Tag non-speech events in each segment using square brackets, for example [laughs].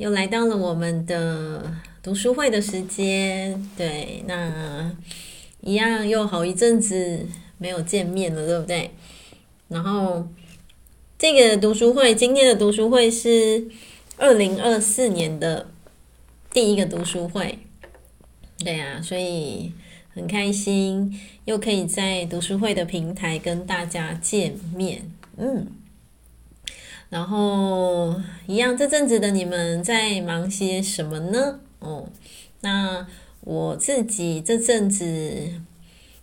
又來到了我們的讀書會的時間，對，那一樣又好一陣子沒有見面了，對不對？然後這個讀書會，今天的讀書會是二零二四年的第一個讀書會，對啊，所以很開心又可以在讀書會的平台跟大家見面，嗯。然後，一樣，這陣子的你們在忙些什麼呢？哦，那我自己這陣子，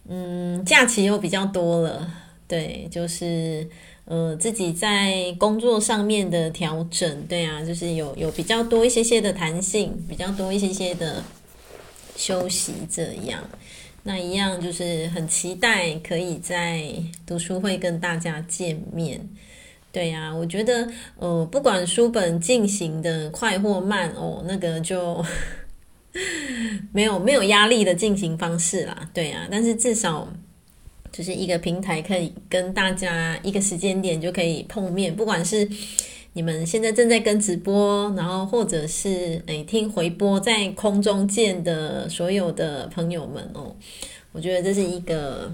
嗯，假期又比較多了，對，就是呃，自己在工作上面的調整，對啊，就是有有比較多一些些的彈性，比較多一些些的休息，這樣，那一樣就是很期待可以在讀書會跟大家見面。對呀，我覺得呃，不管書本進行的快或慢哦，那個就沒有沒有壓力的進行方式啦。對呀，但是至少就是一個平台，可以跟大家一個時間點就可以碰面，不管是你們現在正在跟直播，然後或者是哎聽回播在空中見的所有的朋友們哦，我覺得這是一個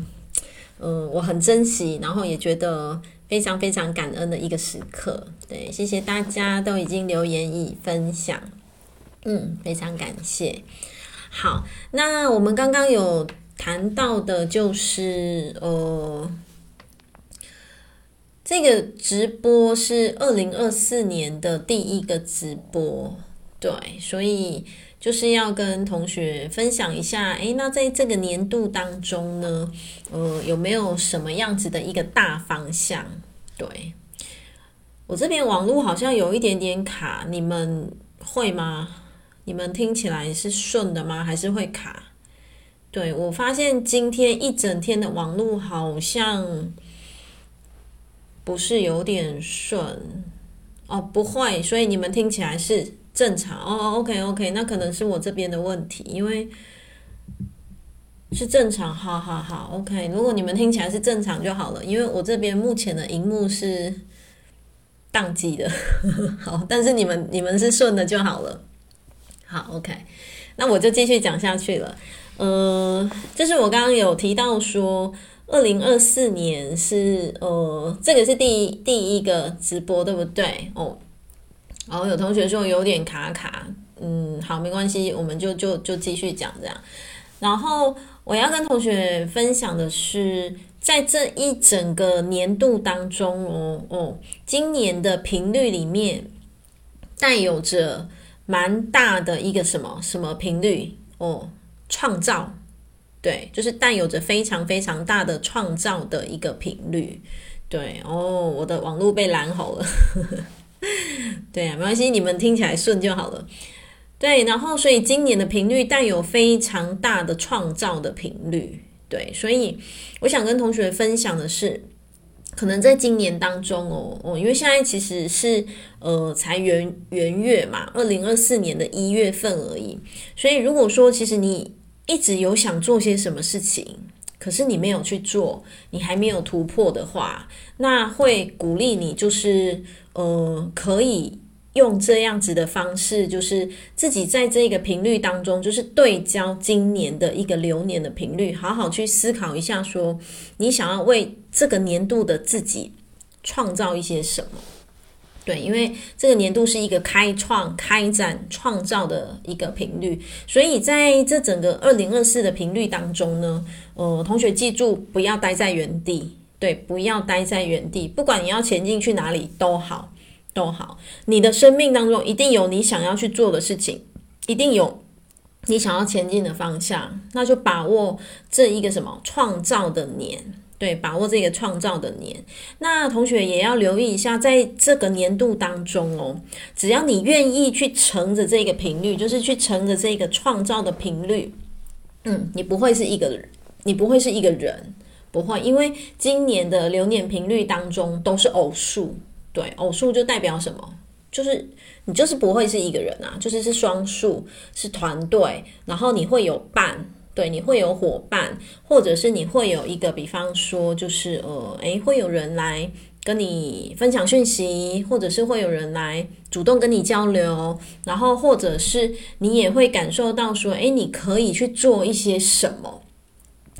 嗯，我很珍惜，然後也覺得。非常非常感恩的一個時刻，對，謝謝大家都已經留言以分享，嗯，非常感謝。好，那我們剛剛有談到的，就是呃，這個直播是二零二四年的第一個直播，對，所以。就是要跟同學分享一下，誒，那在這個年度當中呢，呃，有沒有什麼樣子的一個大方向？對，我這邊網絡好像有一點點卡，你們會嗎？你們聽起來是順的嗎？還是會卡？對，我發現今天一整天的網絡好像不是有點順哦，不會，所以你們聽起來是。正常哦，OK，OK，okay, okay, 那可能是我這邊的問題，因為是正常，好好好，OK。如果你們聽起來是正常就好了，因為我這邊目前的熒幕是宕機的呵呵，好，但是你們你們是順的就好了。好，OK，那我就繼續講下去了。呃，就是我剛剛有提到說，二零二四年是呃，這個是第第一個直播，對不對？哦。哦，有同學說有點卡卡，嗯，好，沒關係，我們就就就繼續講這樣。然後我要跟同學分享的是，在這一整個年度當中哦哦，今年的頻率裡面帶有着蠻大的一個什麼什麼頻率哦，創造，對，就是帶有着非常非常大的創造的一個頻率，對。哦，我的網路被攔好了呵呵。對啊，沒關係，你們聽起來順就好了。對，然後所以今年的頻率帶有非常大的創造的頻率。對，所以我想跟同學分享的是，可能在今年當中哦，哦，因為現在其實是呃才元元月嘛，二零二四年的一月份而已。所以如果說其實你一直有想做些什麼事情，可是你沒有去做，你還沒有突破的話，那會鼓勵你就是。呃，可以用這樣子的方式，就是自己在這個頻率當中，就是對焦今年的一個流年的頻率，好好去思考一下說，說你想要為這個年度的自己創造一些什麼？對，因為這個年度是一個開創、開展、創造的一個頻率，所以在這整個二零二四的頻率當中呢，呃，同學記住，不要待在原地。對，不要待在原地，不管你要前進去哪裡都好，都好。你的生命當中一定有你想要去做的事情，一定有你想要前進的方向。那就把握這一個什麼創造的年，對，把握這個創造的年。那同學也要留意一下，在這個年度當中哦，只要你願意去乘着這個頻率，就是去乘着這個創造的頻率，嗯，你不會是一個，你不會是一個人。不會，因為今年的流年頻率當中都是偶數，對，偶數就代表什麼？就是你就是不會是一個人啊，就是是雙數，是團隊，然後你會有伴，對，你會有夥伴，或者是你會有一個，比方說就是呃，誒，會有人來跟你分享訊息，或者是會有人來主動跟你交流，然後或者是你也會感受到說，誒，你可以去做一些什麼。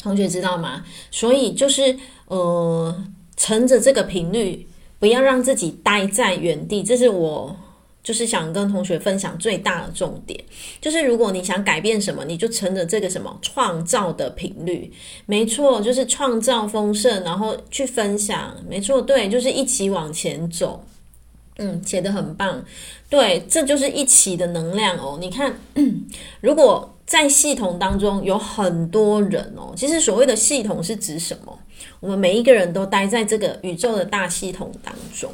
同學知道嗎？所以就是呃，乘着這個頻率，不要讓自己待在原地。這是我就是想跟同學分享最大的重點。就是如果你想改變什麼，你就乘着這個什麼創造的頻率，沒錯，就是創造豐盛，然後去分享，沒錯，對，就是一起往前走。嗯，寫得很棒。對，這就是一起的能量哦。你看， [coughs] 如果。在系統當中有很多人哦，其實所謂的系統是指什麼？我們每一個人都待在這個宇宙的大系統當中。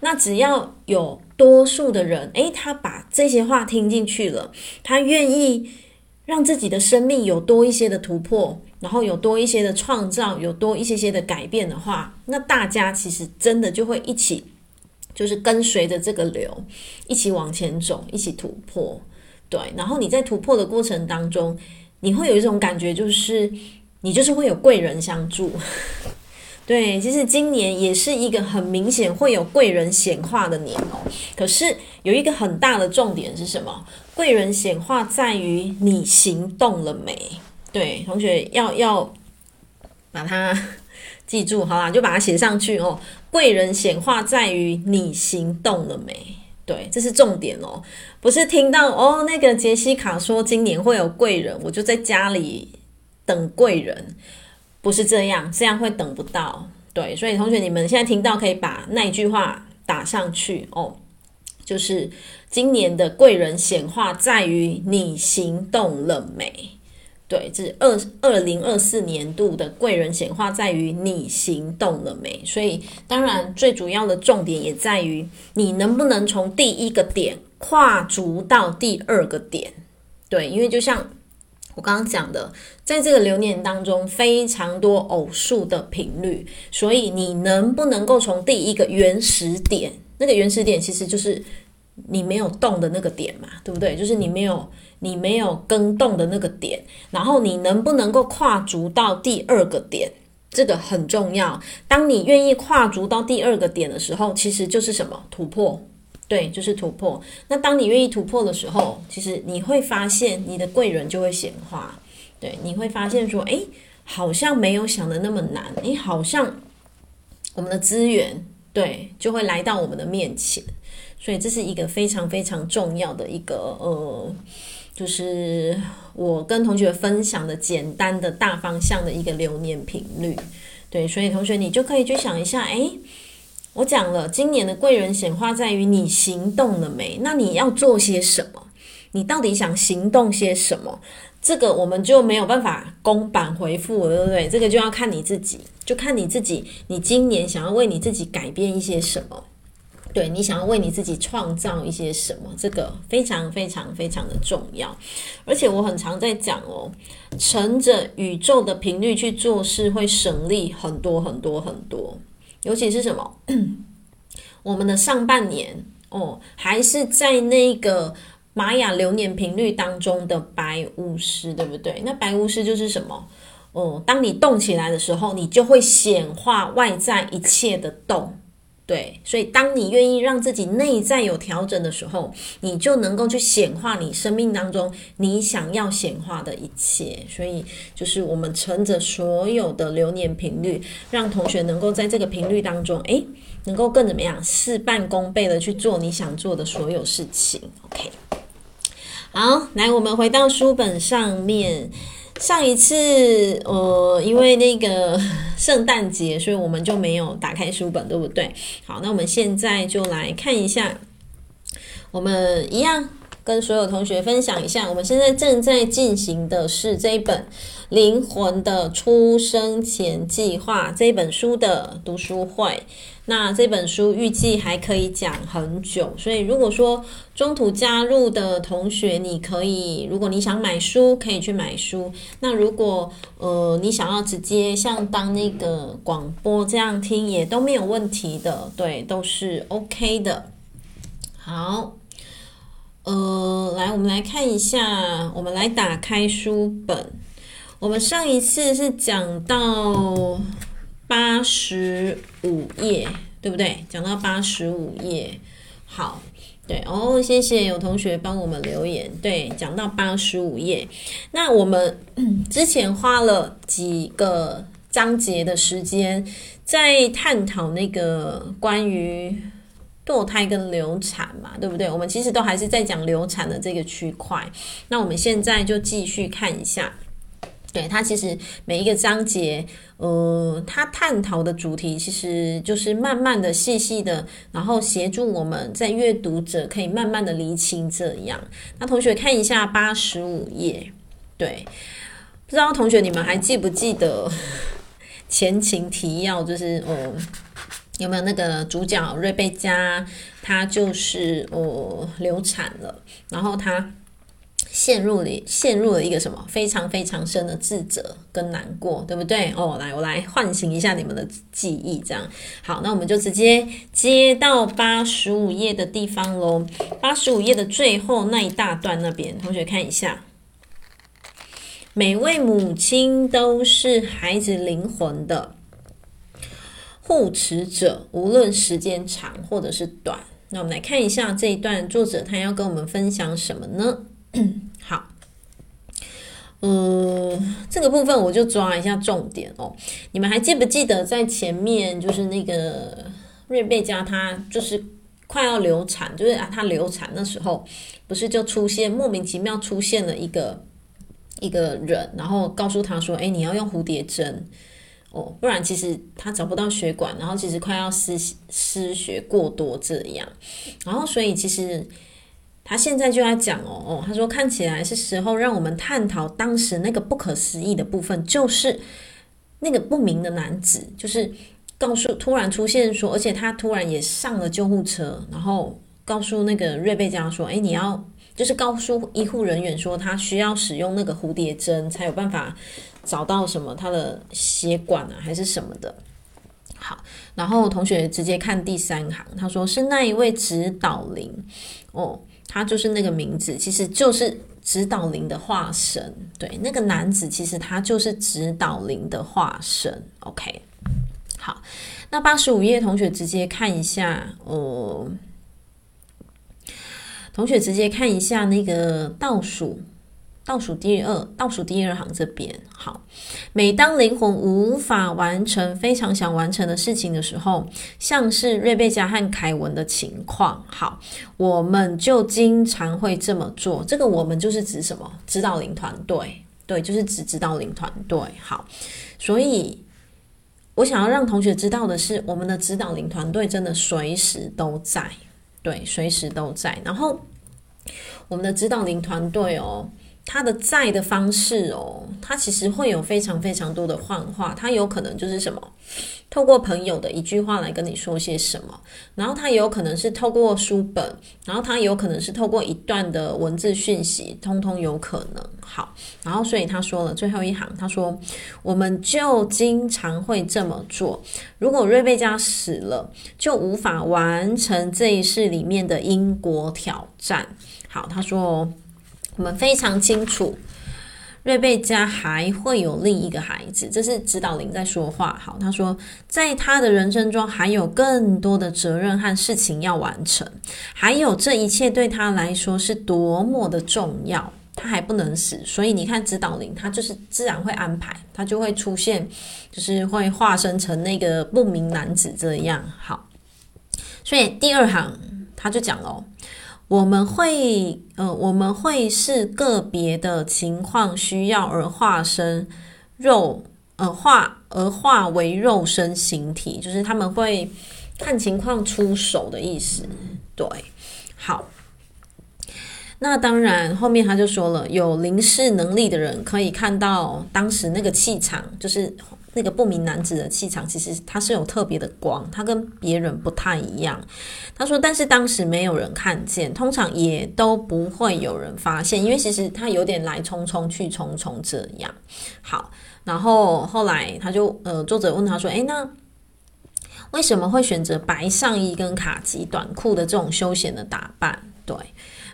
那只要有多數的人，誒，他把這些話聽進去了，他願意讓自己的生命有多一些的突破，然後有多一些的創造，有多一些些的改變的話，那大家其實真的就會一起，就是跟隨着這個流，一起往前走，一起突破。對，然後你在突破的過程當中，你會有一種感覺，就是你就是會有貴人相助。 [laughs] 對，其實今年也是一個很明顯會有貴人顯化的年哦。可是有一個很大的重點是什麼？貴人顯化在於你行動了沒？對，同學要要把它記住，好啦，就把它寫上去哦。貴人顯化在於你行動了沒？對，這是重點哦，不是聽到哦，那個潔西卡說今年會有貴人，我就在家裡等貴人，不是這樣，這樣會等不到。對，所以同學，你們現在聽到可以把那一句話打上去哦，就是今年的貴人顯化在於你行動了沒？對，這是二零二四年度的貴人顯化在於你行動了沒？所以，當然，最主要的重點也在於你能不能從第一個點跨足到第二個點。對，因為就像我剛剛講的，在這個流年當中，非常多偶數的頻率，所以你能不能夠從第一個原始點，那個原始點其實就是。你沒有動的那個點嘛，對不對？就是你沒有你沒有更動的那個點，然後你能不能夠跨足到第二個點，這個很重要。當你願意跨足到第二個點的時候，其實就是什麼？突破，對，就是突破。那當你願意突破的時候，其實你會發現你的貴人就會顯化，對，你會發現說，哎，好像沒有想的那麼難，哎，好像我們的資源對就會來到我們的面前。所以這是一個非常非常重要的一個呃，就是我跟同學分享的簡單的大方向的一個流年頻率，對，所以同學你就可以去想一下，誒，我講了今年的貴人顯化在於你行動了沒？那你要做些什麼？你到底想行動些什麼？這個我們就沒有辦法公版回復，對不對？這個就要看你自己，就看你自己，你今年想要為你自己改變一些什麼？對，你想要為你自己創造一些什麼，這個非常非常非常的重要。而且我很常在講哦，乘着宇宙的頻率去做事會省力很多很多很多。尤其是什麼？ [coughs] 我們的上半年哦，還是在那個瑪雅流年頻率當中的白巫師，對不對？那白巫師就是什麼？哦，當你動起來的時候，你就會顯化外在一切的動。對，所以當你願意讓自己內在有調整的時候，你就能夠去顯化你生命當中你想要顯化的一切。所以就是我們乘着所有的流年頻率，讓同學能夠在這個頻率當中，誒，能夠更怎麼樣事半功倍的去做你想做的所有事情。OK，好，來，我們回到書本上面。上一次，呃，因為那個聖誕節，所以我們就沒有打開書本，對不對？好，那我們現在就來看一下，我們一樣。跟所有同學分享一下，我們現在正在進行的是這一本《靈魂的出生前計劃》這本書的讀書會。那這本書預計還可以講很久，所以如果說中途加入的同學，你可以，如果你想買書，可以去買書。那如果呃，你想要直接像當那個廣播這樣聽，也都沒有問題的，對，都是 OK 的。好。呃，來，我們來看一下，我們來打開書本。我們上一次是講到八十五頁，對不對？講到八十五頁，好，對哦，謝謝有同學幫我們留言。對，講到八十五頁，那我們之前花了幾個章節的時間，在探討那個關於墮胎跟流產嘛，對不對？我們其實都還是在講流產的這個區塊。那我們現在就繼續看一下，對，它其實每一個章節，呃，它探討的主題其實就是慢慢的、細細的，然後協助我們在閱讀者可以慢慢的釐清這樣。那同學看一下八十五頁，對，不知道同學你們還記不記得前情提要？就是嗯。呃有沒有那個主角瑞貝佳，他就是哦，流產了，然後他陷入了陷入了一個什麼非常非常深的自責跟難過，對不對？哦，來我來喚醒一下你們的記憶，這樣好，那我們就直接接到八十五頁的地方嘍，八十五頁的最後那一大段那邊，同學看一下，每位母親都是孩子靈魂的護持者，無論時間長或者是短，那我們來看一下這一段，作者他要跟我們分享什麼呢？ [coughs] 好，呃，這個部分我就抓一下重點哦。你們還記不記得在前面，就是那個瑞貝加，他就是快要流產，就是啊，他流產的時候，不是就出現莫名其妙出現了一個一個人，然後告訴他說：“哎、欸，你要用蝴蝶針。”哦，不然其實他找不到血管，然後其實快要失失血過多這樣，然後所以其實他現在就在講哦哦，他說看起來是時候讓我們探討當時那個不可思議的部分，就是那個不明的男子，就是告訴突然出現說，而且他突然也上了救護車，然後告訴那個瑞貝嘉說，誒，你要就是告訴醫護人員說他需要使用那個蝴蝶針才有辦法。找到什麼？他的血管啊，還是什麼的？好，然後同學直接看第三行，他說是那一位指導靈哦，他就是那個名字，其實就是指導靈的化身。對，那個男子其實他就是指導靈的化身。OK，好，那八十五頁，同學直接看一下哦、呃，同學直接看一下那個倒數，倒數第二，倒數第二行這邊好。每當靈魂無法完成非常想完成的事情的時候，像是瑞貝加和凱文的情況，好，我們就經常會這麼做。這個我們就是指什麼？指導靈團隊，對，就是指指，指導靈團隊。好，所以我想要讓同學知道的是，我們的指導靈團隊真的隨時都在，對，隨時都在。然後，我們的指導靈團隊哦。他的在的方式哦，他其實會有非常非常多的幻化，他有可能就是什麼，透過朋友的一句話來跟你說些什麼，然後他也有可能是透過書本，然後他有可能是透過一段的文字訊息，通通有可能。好，然後所以他說了最後一行，他說我們就經常會這麼做，如果瑞貝加死了，就無法完成這一世裡面的因果挑戰。好，他說哦。我們非常清楚，瑞貝家還會有另一個孩子。這是指導靈在說話。好，他說，在他的人生中還有更多的責任和事情要完成，還有這一切對他來說是多麼的重要。他還不能死，所以你看，指導靈他就是自然會安排，他就會出現，就是會化身成那個不明男子這樣。好，所以第二行他就講了哦。我們會，呃，我們會是個別的情況需要而化身肉，呃，化而化為肉身形體，就是他們會看情況出手的意思。對，好。那當然，後面他就說了，有靈視能力的人可以看到當時那個氣場，就是。那個不明男子的氣場，其實他是有特別的光，他跟別人不太一樣。他說，但是當時沒有人看見，通常也都不會有人發現，因為其實他有點來匆匆去匆匆這樣。好，然後後來他就呃，作者問他說：“誒，那為什麼會選擇白上衣跟卡其短褲的這種休閒的打扮？”對。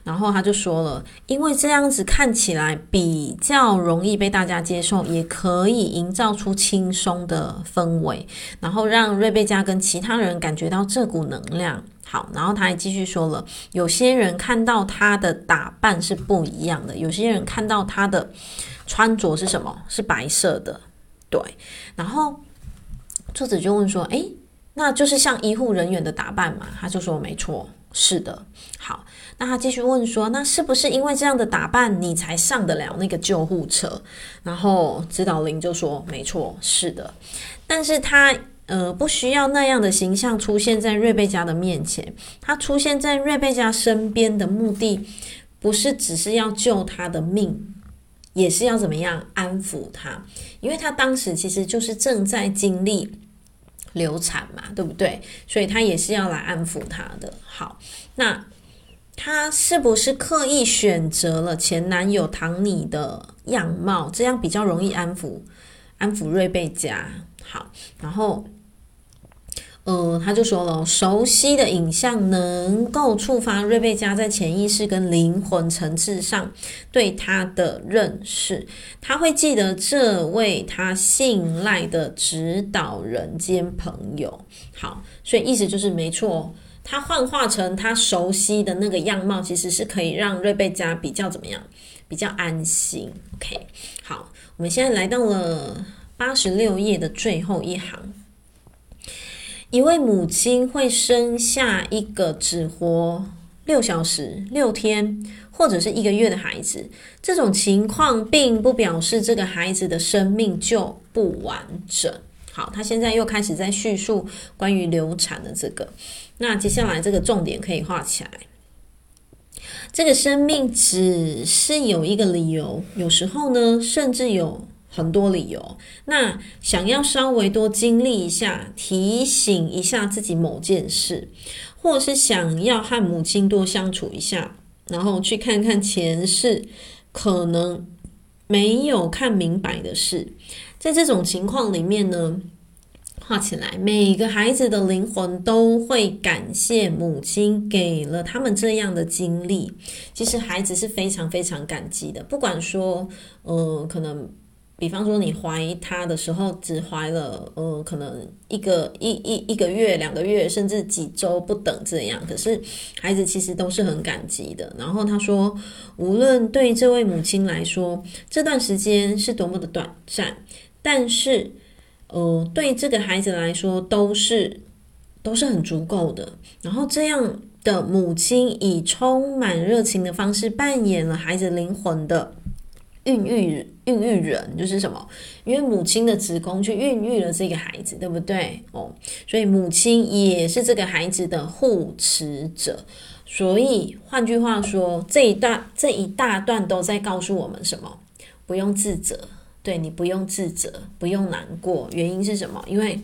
然後他就說了，因為這樣子看起來比較容易被大家接受，也可以營造出輕鬆的氛圍，然後讓瑞貝卡跟其他人感覺到這股能量。好，然後他還繼續說了，有些人看到他的打扮是不一樣的，有些人看到他的穿着是什麼，是白色的。對，然後作者就問說：“誒，那就是像醫護人員的打扮嘛？”他就說：“沒錯。”是的，好，那他繼續問說，那是不是因為這樣的打扮，你才上得了那個救護車？然後指導靈就說，沒錯，是的，但是他呃不需要那樣的形象出現在瑞貝加的面前，他出現在瑞貝加身邊的目的，不是只是要救他的命，也是要怎麼樣安撫他，因為他當時其實就是正在經歷。流產嘛，對不對？所以他也是要來安撫他的。好，那他是不是刻意選擇了前男友唐尼的樣貌，這樣比較容易安撫安撫瑞貝加？好，然後。呃，他就說了，熟悉的影像能夠觸發瑞貝嘉在潛意識跟靈魂層次上對他的認識，他會記得這位他信賴的指導人兼朋友。好，所以意思就是沒錯，他幻化成他熟悉的那個樣貌，其實是可以讓瑞貝嘉比較怎麼樣，比較安心。OK，好，我們現在來到了八十六頁的最後一行。一位母親會生下一個只活六小時、六天或者是一個月的孩子，這種情況並不表示這個孩子的生命就不完整。好，他現在又開始在敘述關於流產的這個，那接下來這個重點可以畫起來。這個生命只是有一個理由，有時候呢，甚至有。很多理由，那想要稍微多經歷一下，提醒一下自己某件事，或是想要和母親多相處一下，然後去看看前世可能沒有看明白的事。在這種情況裡面呢，畫起來，每個孩子的靈魂都會感謝母親給了他們這樣的經歷。其實孩子是非常非常感激的，不管說，嗯、呃，可能。比方說，你懷他的時候只懷了，呃，可能一個一一一個月、兩個月，甚至幾週不等這樣。可是孩子其實都是很感激的。然後他說，無論對這位母親來說，這段時間是多麼的短暫，但是，呃，對這個孩子來說都是都是很足夠的。然後這樣的母親以充滿熱情的方式扮演了孩子靈魂的孕育。孕育人就是什麼？因為母親的子宮去孕育了這個孩子，對不對？哦，所以母親也是這個孩子的護持者。所以換句話說，這一段，這一大段都在告訴我們什麼？不用自責，對，你不用自責，不用難過。原因是什麼？因為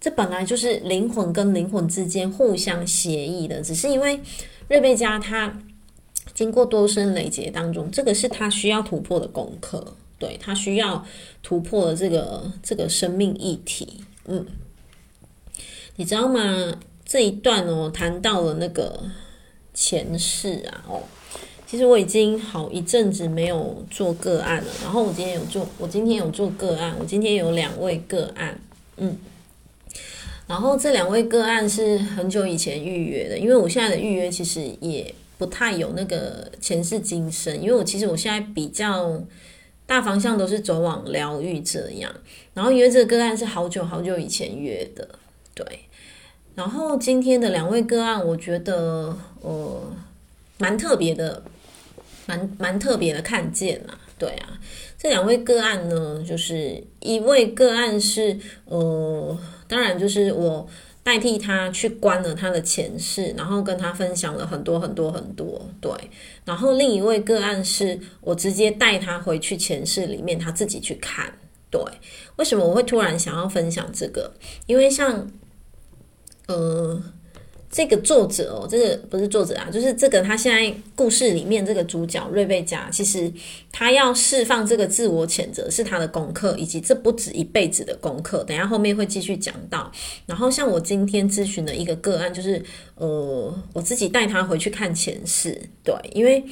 這本來就是靈魂跟靈魂之間互相協議的，只是因為瑞貝加他經過多生累劫當中，這個是他需要突破的功課。對，他需要突破了這個這個生命議題，嗯，你知道嗎？這一段哦，談到了那個前世啊，哦，其實我已經好一陣子沒有做個案了。然後我今天有做，我今天有做個案，我今天有兩位個案，嗯，然後這兩位個案是很久以前預約的，因為我現在的預約其實也不太有那個前世今生，因為我其實我現在比較。大方向都是走往療癒這樣，然後約這個個案是好久好久以前約的，對。然後今天的兩位個案，我覺得呃蠻特別的，蠻蠻特別的看見啦，對啊。這兩位個案呢，就是一位個案是哦、呃，當然就是我，代替他去觀了他的前世，然後跟他分享了很多很多很多，對，然後另一位個案是我直接帶他回去前世裡面，他自己去看，對。為什麼我會突然想要分享這個？因為，像，呃。這個作者哦，這個不是作者啊，就是這個他現在故事裡面這個主角瑞貝卡，其實他要釋放這個自我譴責是他的功課，以及這不止一輩子的功課。等下後面會繼續講到。然後像我今天諮詢的一個個案，就是呃，我自己帶他回去看前世，對，因為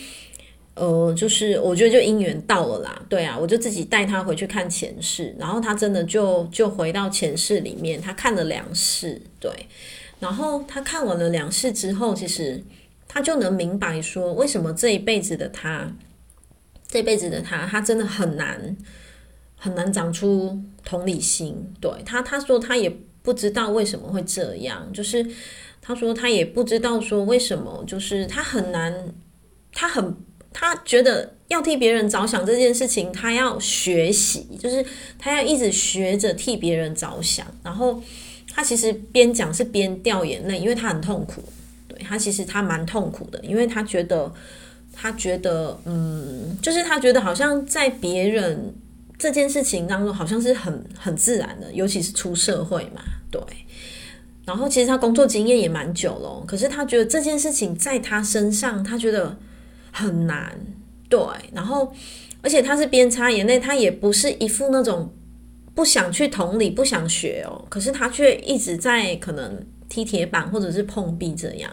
呃，就是我覺得就姻緣到了啦，對啊，我就自己帶他回去看前世，然後他真的就就回到前世裡面，他看了兩世，對。然後他看完了兩世之後，其實他就能明白說，為什麼這一輩子的他，這一輩子的他，他真的很難很難長出同理心。對，他，他說他也不知道為什麼會這樣，就是他說他也不知道說為什麼，就是他很難，他很，他覺得要替別人着想這件事情，他要學習，就是他要一直學着替別人着想，然後。他其實邊講是邊掉眼淚，因為他很痛苦。對，他其實他蠻痛苦的，因為他覺得他覺得嗯，就是他覺得好像在別人這件事情當中，好像是很很自然的，尤其是出社會嘛，對。然後其實他工作經驗也蠻久了，可是他覺得這件事情在他身上，他覺得很難。對，然後而且他是邊擦眼淚，他也不是一副那種。不想去同理，不想學哦。可是他卻一直在可能踢鐵板或者是碰壁這樣。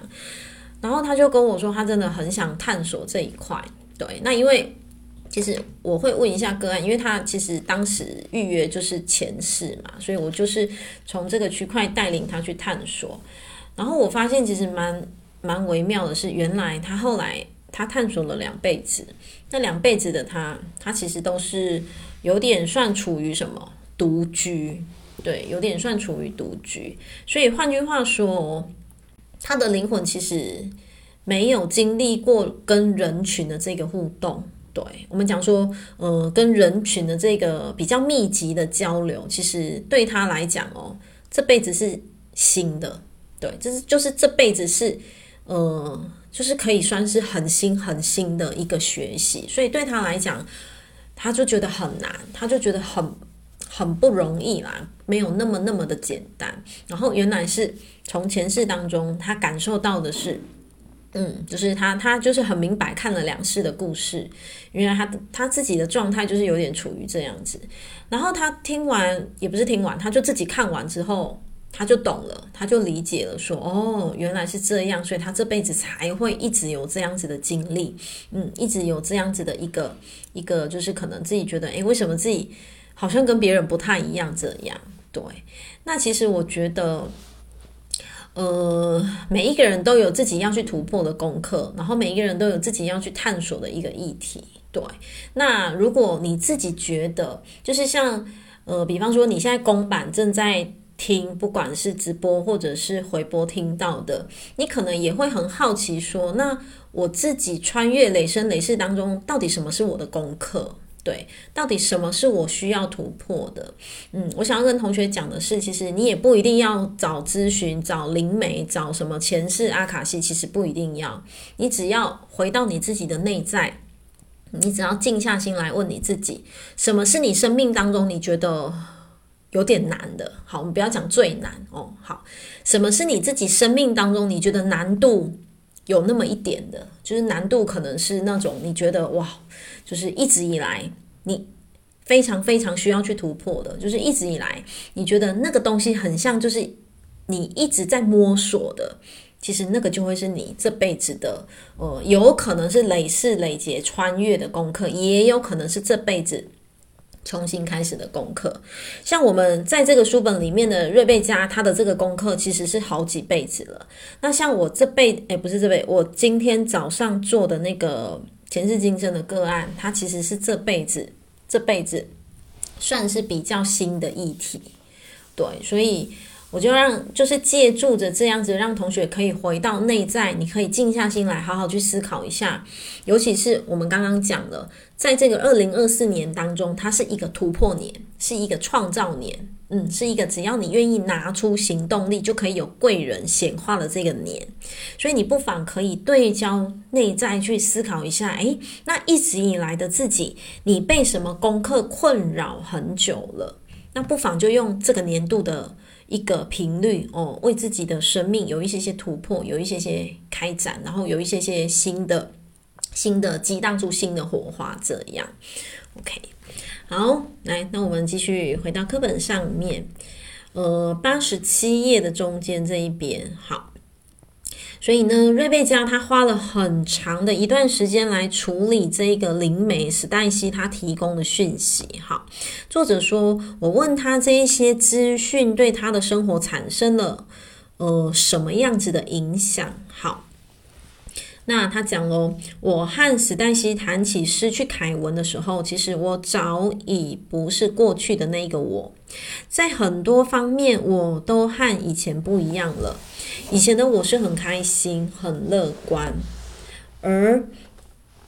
然後他就跟我說，他真的很想探索這一塊。對，那因為其實我會問一下個案，因為他其實當時預約就是前世嘛，所以我就是從這個區塊帶領他去探索。然後我發現其實蠻蠻微妙的是，原來他後來他探索了兩輩子，那兩輩子的他，他其實都是有點算處於什麼？獨居，對，有點算處於獨居，所以換句話說，他的靈魂其實沒有經歷過跟人群的這個互動。對我們講說，嗯，跟人群的這個比較密集的交流，其實對他來講哦，這輩子是新的，對，就是就是這輩子是，嗯，就是可以算是很新很新的一個學習，所以對他來講，他就覺得很難，他就覺得很。很不容易啦，沒有那麼那麼的簡單。然後原來是從前世當中，他感受到的是，嗯，就是他他就是很明白看了兩世的故事，原來他他自己的狀態就是有點處於這樣子。然後他聽完也不是聽完，他就自己看完之後，他就懂了，他就理解了說，說哦，原來是這樣，所以他這輩子才會一直有這樣子的經歷，嗯，一直有這樣子的一個一個，就是可能自己覺得，哎、欸，為什麼自己？好像跟別人不太一樣，這樣對。那其實我覺得，呃，每一個人都有自己要去突破的功課，然後每一個人都有自己要去探索的一個議題。對，那如果你自己覺得，就是像呃，比方說你現在公版正在聽，不管是直播或者是回播聽到的，你可能也會很好奇說，那我自己穿越累生累世當中，到底什麼是我的功課？對，到底什麼是我需要突破的？嗯，我想要跟同學講的是，其實你也不一定要找諮詢、找靈媒、找什麼前世阿卡西，其實不一定要。你只要回到你自己的內在，你只要靜下心來問你自己，什麼是你生命當中你覺得有點難的？好，我們不要講最難哦。好，什麼是你自己生命當中你覺得難度有那麼一點的？就是難度可能是那種你覺得哇。就是一直以來，你非常非常需要去突破的。就是一直以來，你覺得那個東西很像，就是你一直在摸索的。其實那個就會是你這輩子的，呃，有可能是累世累劫穿越的功課，也有可能是這輩子重新開始的功課。像我們在這個書本裡面的瑞貝加，他的這個功課其實是好幾輩子了。那像我這輩，誒，不是這輩，我今天早上做的那個。前世今生的個案，它其實是這輩子，這輩子算是比較新的議題，對，所以我就讓就是借助着這樣子，讓同學可以回到內在，你可以靜下心來，好好去思考一下。尤其是我們剛剛講的，在這個二零二四年當中，它是一個突破年，是一個創造年。嗯，是一個只要你願意拿出行動力，就可以有貴人顯化的這個年，所以你不妨可以對焦內在去思考一下，誒，那一直以來的自己，你被什麼功課困擾很久了？那不妨就用這個年度的一個頻率哦，為自己的生命有一些些突破，有一些些開展，然後有一些些新的、新的激盪出新的火花，這樣，OK。好，來，那我們繼續回到課本上面，呃，八十七頁的中間這一邊。好，所以呢，瑞貝佳他花了很長的一段時間來處理這個靈媒史黛西他提供的訊息。好，作者說，我問他這一些資訊對他的生活產生了呃什麼樣子的影響？那他講嘍，我和史黛西談起失去凱文的時候，其實我早已不是過去的那個我，在很多方面我都和以前不一樣了。以前的我是很開心、很樂觀，而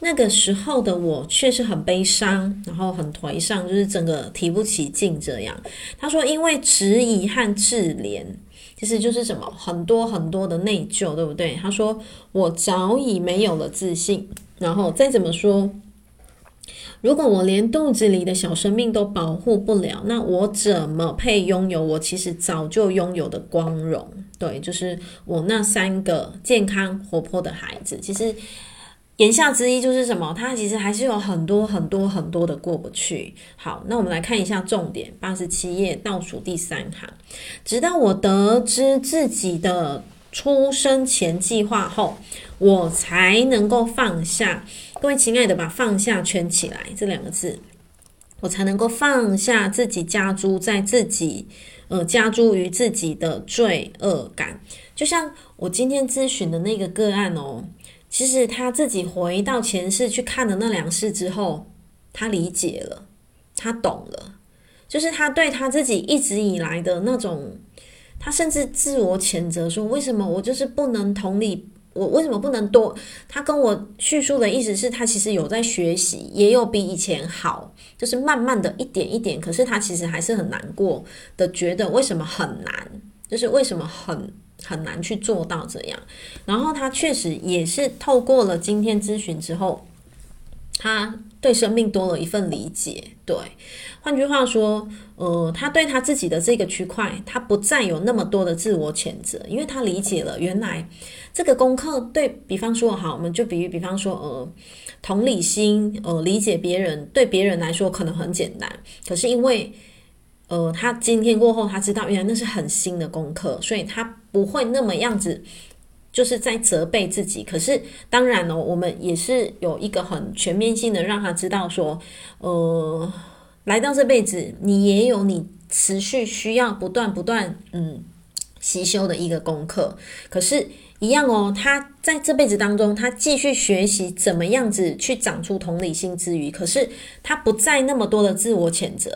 那個時候的我卻是很悲傷，然後很頹喪，就是整個提不起勁這樣。他說，因為質疑和自憐。其實就是什麼很多很多的內疚，對不對？他說，我早已沒有了自信，然後再怎麼說？如果我連肚子裡的小生命都保護不了，那我怎麼配擁有我其實早就擁有的光榮？對，就是我那三個健康活潑的孩子。其實。言下之意就是什麼？它其實還是有很多很多很多的過不去。好，那我們來看一下重點，八十七頁倒數第三行。直到我得知自己的出生前計劃後，我才能夠放下。各位親愛的，把“放下”圈起來這兩個字。我才能夠放下自己加諸在自己，呃，加諸於自己的罪惡感。就像我今天諮詢的那個個案哦。其實他自己回到前世去看的那兩世之後，他理解了，他懂了，就是他對他自己一直以來的那種，他甚至自我譴責說，為什麼我就是不能同理，我為什麼不能多？他跟我敘述的意思是他其實有在學習，也有比以前好，就是慢慢的一點一點。可是他其實還是很難過的，覺得為什麼很難，就是為什麼很。很難去做到這樣，然後他確實也是透過了今天諮詢之後，他對生命多了一份理解。對，換句話說，呃，他對他自己的這個區塊，他不再有那麼多的自我譴責，因為他理解了原來這個功課對比方說，好，我們就比喻比方說，呃，同理心，呃，理解別人對別人來說可能很簡單，可是因為呃，他今天過後，他知道原來那是很新的功課，所以他。不會那麼樣子，就是在責備自己。可是當然哦，我們也是有一個很全面性的，讓他知道說，呃，來到這輩子，你也有你持續需要不斷不斷嗯習修的一個功課。可是，一樣哦，他在這輩子當中，他繼續學習怎麼樣子去長出同理心之餘，可是他不再那麼多的自我譴責。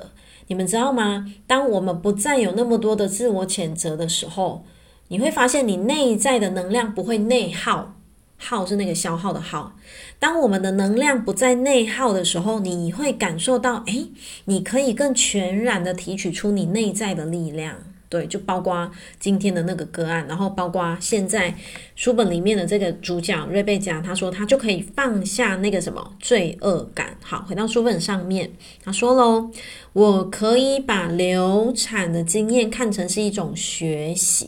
你們知道嗎？當我們不再有那麼多的自我譴責的時候，你會發現，你內在的能量不會內耗，耗是那個消耗的耗。當我們的能量不再內耗的時候，你會感受到，誒，你可以更全然的提取出你內在的力量。對，就包括今天的那個個案，然後包括現在書本裡面的這個主角瑞貝佳，他說他就可以放下那個什麼罪惡感。好，回到書本上面，他說嘍：“我可以把流產的經驗看成是一種學習。”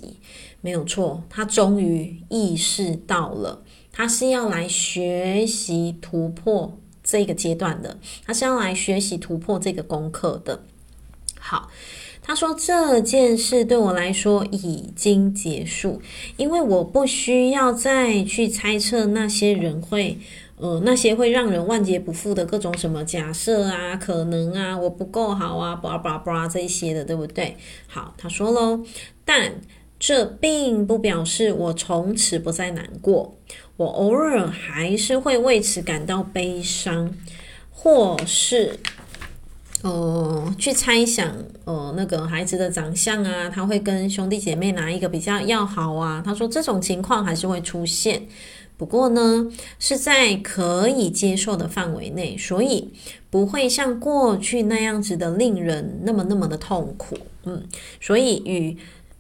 沒有錯，他終於意識到了，他是要來學習突破這個階段的，他是要來學習突破這個功課的。好，他說這件事對我來說已經結束，因為我不需要再去猜測那些人會，呃，那些會讓人萬劫不復的各種什麼假設啊、可能啊、我不夠好啊、巴拉巴拉巴拉這一些的，對不對？好，他說嘍，但。這並不表示我從此不再難過，我偶爾還是會為此感到悲傷，或是呃去猜想呃那個孩子的長相啊，他會跟兄弟姐妹哪一個比較要好啊？他說這種情況還是會出現，不過呢是在可以接受的範圍內，所以不會像過去那樣子的令人那麼那麼的痛苦。嗯，所以與。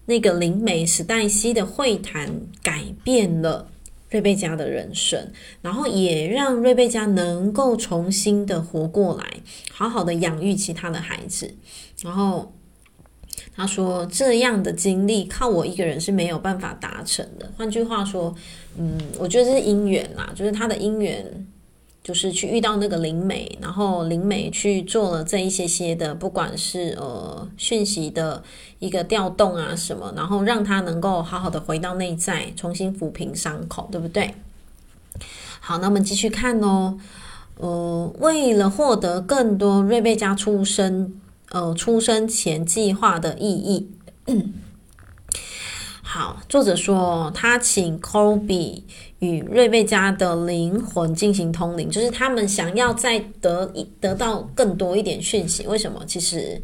那個靈媒史黛西的會談改變了瑞貝卡的人生，然後也讓瑞貝卡能夠重新的活過來，好好的養育其他的孩子。然後他說，這樣的經歷靠我一個人是沒有辦法達成的。換句話說，嗯，我覺得這是因緣啦，就是他的因緣。就是去遇到那個靈媒，然後靈媒去做了這一些些的，不管是呃訊息的一個調動啊什麼，然後讓他能夠好好的回到內在，重新撫平傷口，對不對？好，那我們繼續看哦。呃，為了獲得更多瑞貝家出生呃出生前計劃的意義， [coughs] 好，作者說他請 Colby。與瑞貝加的靈魂進行通靈，就是他們想要再得一得到更多一點訊息。為什麼？其實，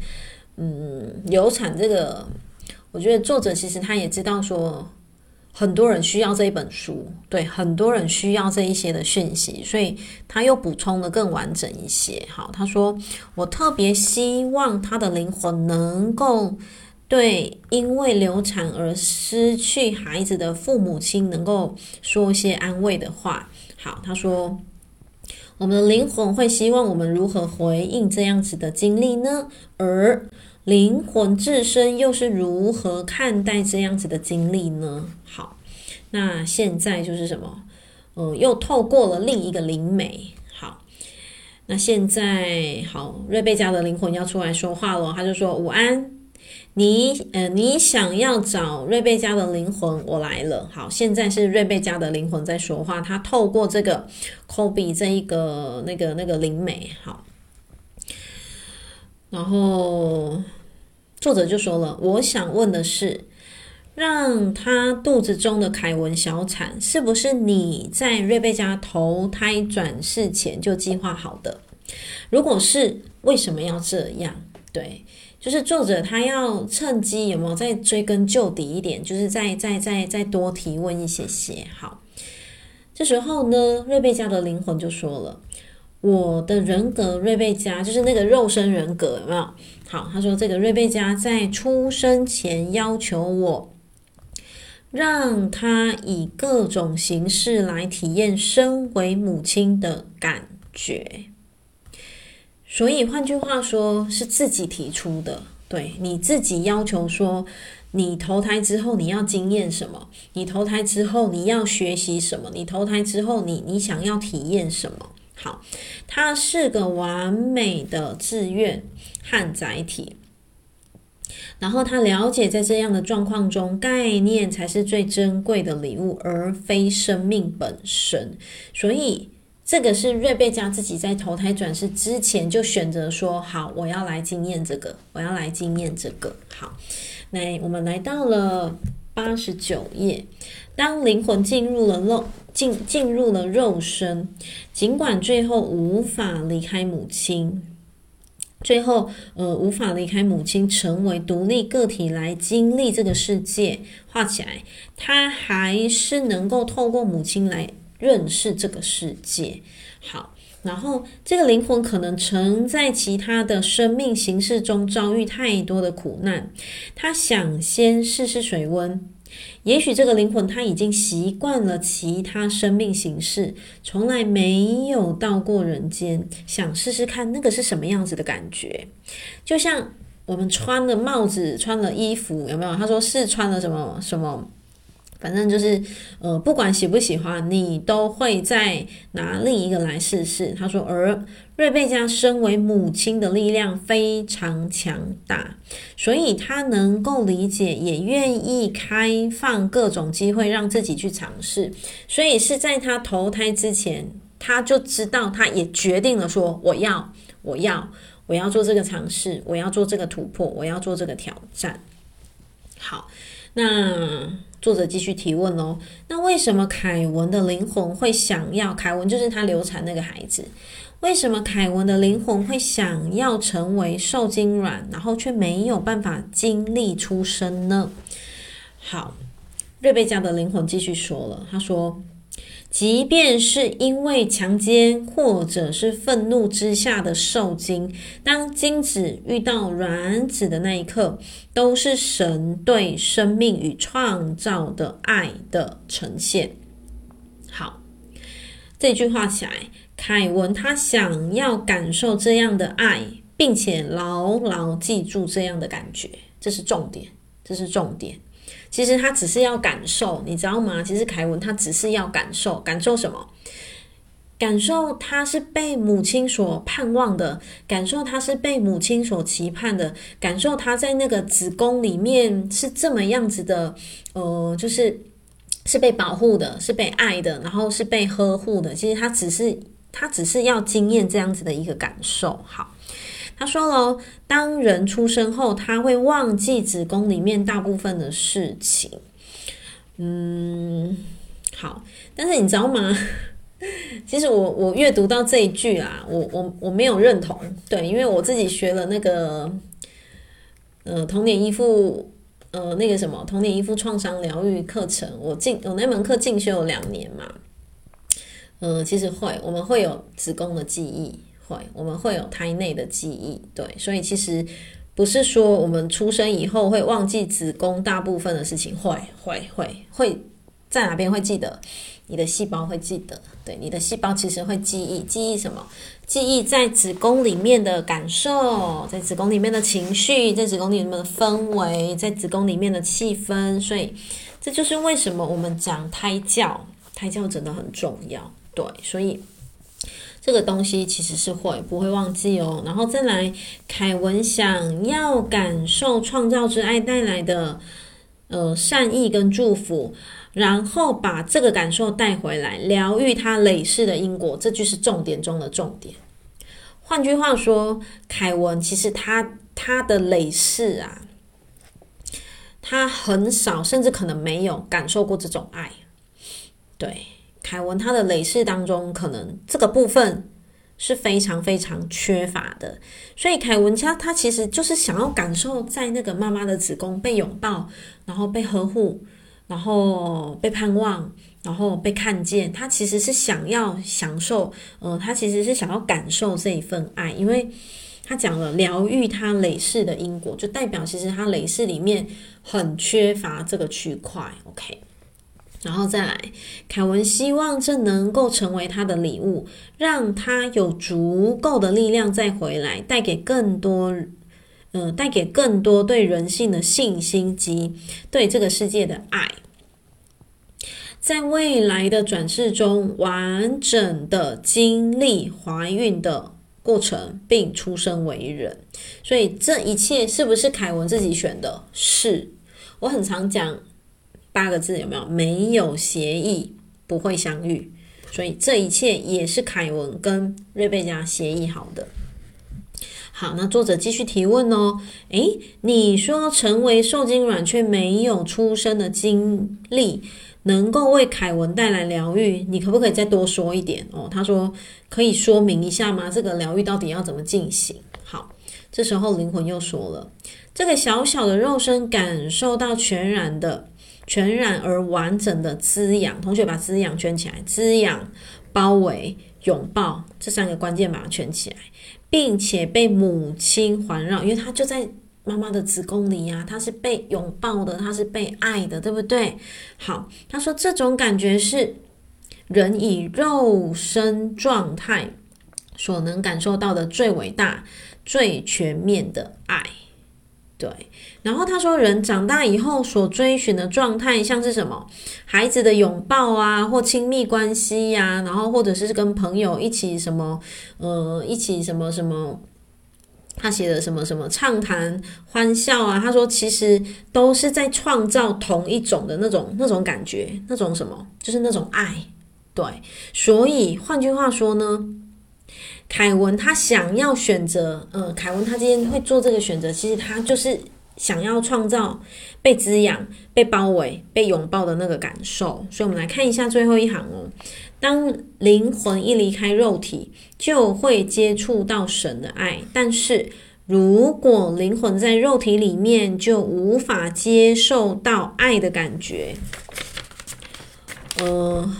嗯，流產這個，我覺得作者其實他也知道說，說很多人需要這一本書，對，很多人需要這一些的訊息，所以他又補充得更完整一些。好，他說，我特別希望他的靈魂能夠。對，因為流產而失去孩子的父母親，能夠說一些安慰的話。好，他說：“我們的靈魂會希望我們如何回應這樣子的經歷呢？而靈魂自身又是如何看待這樣子的經歷呢？”好，那現在就是什麼？嗯、呃，又透過了另一個靈媒。好，那現在好，瑞貝家的靈魂要出來說話了。他就說：“午安。”你呃，你想要找瑞貝加的靈魂，我來了。好，現在是瑞貝加的靈魂在說話，他透過這個科比這一個那個那個靈媒。好，然後作者就說了，我想問的是，讓她肚子中的凱文小產，是不是你在瑞貝加投胎轉世前就計劃好的？如果是，為什麼要這樣？對。就是作者他要趁機有沒有，再追根究底一點，就是再再再再多提問一些些。好，這時候呢，瑞貝加的靈魂就說了：“我的人格，瑞貝加就是那個肉身人格，有沒有？”好，他說：“這個瑞貝加在出生前要求我，讓他以各種形式來體驗身為母親的感覺。”所以，換句話說，是自己提出的。對，你自己要求說，你投胎之後你要經驗什麼？你投胎之後你要學習什麼？你投胎之後你你想要體驗什麼？好，它是個完美的自願和載體。然後他了解，在這樣的狀況中，概念，才是最珍貴的禮物，而非生命本身。所以。這個是瑞貝加自己在投胎轉世之前就選擇說，好，我要來經驗這個，我要來經驗這個。好，那我們來到了八十九頁，當靈魂進入了肉進，進入了肉身，盡管最後無法離開母親，最後呃無法離開母親，成為獨立個體來經歷這個世界。畫起來，他還是能夠透過母親來。認識這個世界，好。然後這個靈魂可能曾在其他的生命形式中遭遇太多的苦難，他想先試試水溫。也許這個靈魂他已經習慣了其他生命形式，從來沒有到過人間，想試試看那個是什麼樣子的感覺。就像我們穿了帽子，穿了衣服，有沒有？他說是穿了什麼什麼。反正就是，呃，不管喜不喜歡，你都會再拿另一個來試試。他說，而瑞貝加身為母親的力量非常強大，所以他能夠理解，也願意開放各種機會讓自己去嘗試。所以是在他投胎之前，他就知道，他也決定了說，我要，我要，我要做這個嘗試，我要做這個突破，我要做這個挑戰。好，那。作者繼續提問哦，那為什麼凱文的靈魂會想要凱文就是他流產那個孩子？為什麼凱文的靈魂會想要成為受精卵，然後卻沒有辦法經歷出生呢？好，瑞貝卡的靈魂繼續說了，他說。即便是因為強姦，或者是憤怒之下的受精，當精子遇到卵子的那一刻，都是神對生命與創造的愛的呈現。好，這句話起來，凱文他想要感受這樣的愛，並且牢牢記住這樣的感覺，這是重點，這是重點。其實他只是要感受，你知道嗎？其實凱文他只是要感受，感受什麼？感受他是被母親所盼望的，感受他是被母親所期盼的，感受他在那個子宮裡面是這麼樣子的，呃，就是是被保護的，是被愛的，然後是被呵護的。其實他只是他只是要經驗這樣子的一個感受，好。他說咯，“當人出生後，他會忘記子宮裡面大部分的事情。”嗯，好，但是你知道嗎？其實我我閱讀到這一句啊，我我我沒有認同，對，因為我自己學了那個，呃，童年依附，呃，那個什麼童年依附創傷療癒課程，我進我那門課進修了兩年嘛。呃，其實會，我們會有子宮的記憶。會，我們會有胎內的記憶，對，所以其實不是說我們出生以後會忘記子宮大部分的事情，會會會會在哪邊會記得，你的細胞會記得，對，你的細胞其實會記憶，記憶什麼？記憶在子宮裡面的感受，在子宮裡面的情緒，在子宮裡面的氛圍，在子宮裡面的氣氛，所以這就是為什麼我們講胎教，胎教真的很重要，對，所以。這個東西其實是會不會忘記哦？然後再來，凱文想要感受創造之愛帶來的呃善意跟祝福，然後把這個感受帶回來，療癒他累世的因果。這就是重點中的重點。換句話說，凱文其實他他的累世啊，他很少甚至可能沒有感受過這種愛，對。凱文他的累世當中，可能這個部分是非常非常缺乏的，所以凱文家他其實就是想要感受在那個媽媽的子宮被擁抱，然後被呵護，然後被盼望，然後被看見。他其實是想要享受，呃，他其實是想要感受這一份愛，因為他講了療癒他累世的因果，就代表其實他累世裡面很缺乏這個區塊。OK。然後再來，凱文希望這能夠成為他的禮物，讓他有足夠的力量再回來，帶給更多，嗯、呃，帶給更多對人性的信心及對這個世界的愛。在未來的轉世中，完整的經歷懷孕的過程，並出生為人。所以這一切是不是凱文自己選的？是，我很常講。八個字有沒有？沒有協議不會相遇，所以這一切也是凱文跟瑞貝加協議好的。好，那作者繼續提問哦。誒，你說成為受精卵卻沒有出生的經歷，能夠為凱文帶來療愈，你可不可以再多說一點？哦，他說可以說明一下嗎？這個療愈到底要怎麼進行？好，這時候靈魂又說了，這個小小的肉身感受到全然的。全然而完整的滋養，同學把滋養圈起來，滋養、包圍、擁抱這三個關鍵把它圈起來，並且被母親環繞，因為她就在媽媽的子宮裡呀、啊，她是被擁抱的，她是被愛的，對不對？好，她說這種感覺是人以肉身狀態所能感受到的最偉大、最全面的愛，對。然後他說，人長大以後所追尋的狀態像是什麼？孩子的擁抱啊，或親密關係呀、啊，然後或者是跟朋友一起什麼，呃，一起什麼什麼，他寫的什麼什麼暢談歡笑啊。他說，其實都是在創造同一種的那種那種感覺，那種什麼，就是那種愛。對，所以換句話說呢，凱文他想要選擇，呃，凱文他今天會做這個選擇，其實他就是。想要創造被滋養、被包圍、被擁抱的那個感受，所以，我們來看一下最後一行哦。當靈魂一離開肉體，就會接觸到神的愛；但是，如果靈魂在肉體裡面，就無法接受到愛的感覺。嗯、呃，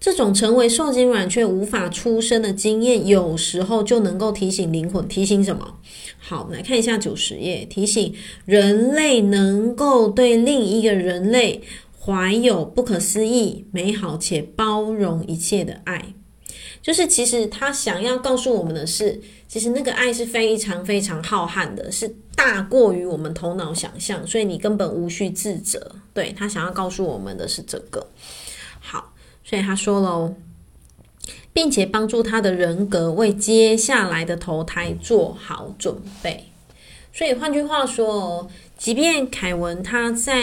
這種成為受精卵卻無法出生的經驗，有時候就能夠提醒靈魂，提醒什麼？好，我們來看一下九十頁，提醒人類能夠對另一個人類懷有不可思議、美好且包容一切的愛，就是其實他想要告訴我們的是，其實那個愛是非常非常浩瀚的，是大過於我們頭腦想象，所以你根本無需自責。對，他想要告訴我們的是這個，好，所以他說嘍。並且幫助他的人格為接下來的投胎做好準備。所以換句話說，即便凱文他在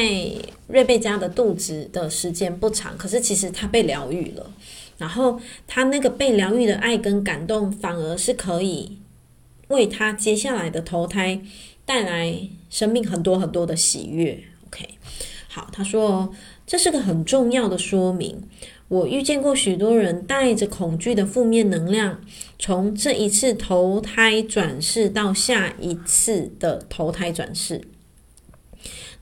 瑞貝加的肚子的時間不長，可是其實他被療癒了。然後他那個被療癒的愛跟感動，反而是可以為他接下來的投胎帶來生命很多很多的喜悅。OK，好，他說這是個很重要的說明。我遇見過許多人帶着恐懼的負面能量，從這一次投胎轉世到下一次的投胎轉世，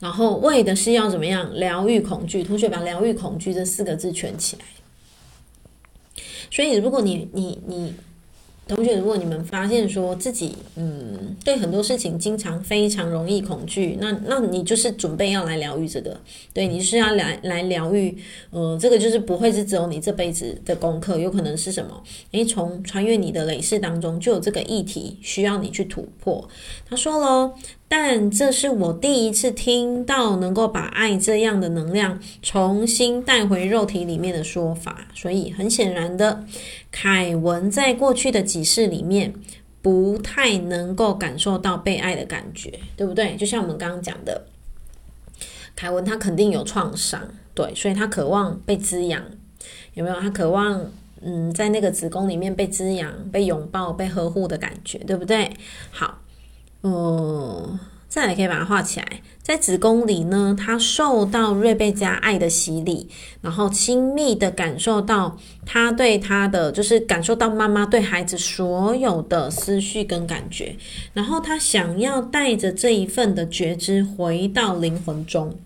然後為的是要怎麼樣療癒恐懼？同學把“療癒恐懼”這四個字圈起來。所以，如果你你你，你同學，如果你們發現說自己，嗯，對很多事情經常非常容易恐懼，那那你就是準備要來療癒這個，對你就是要來來療癒，呃，這個就是不會是只有你這輩子的功課，有可能是什麼？哎，從穿越你的累世當中就有這個議題需要你去突破。他說嘍。但這是我第一次聽到能夠把愛這樣的能量重新帶回肉體裡面的說法，所以很顯然的，凱文在過去的幾世裡面不太能夠感受到被愛的感覺，對不對？就像我們剛剛講的，凱文他肯定有創傷，對，所以他渴望被滋養，有沒有？他渴望嗯，在那個子宮裡面被滋養、被擁抱、被呵護的感覺，對不對？好。嗯，這樣也可以把它畫起來。在子宮裡呢，他受到瑞貝加愛的洗禮，然後親密的感受到他對他的，就是感受到媽媽對孩子所有的思緒跟感覺。然後他想要帶着這一份的覺知回到靈魂中，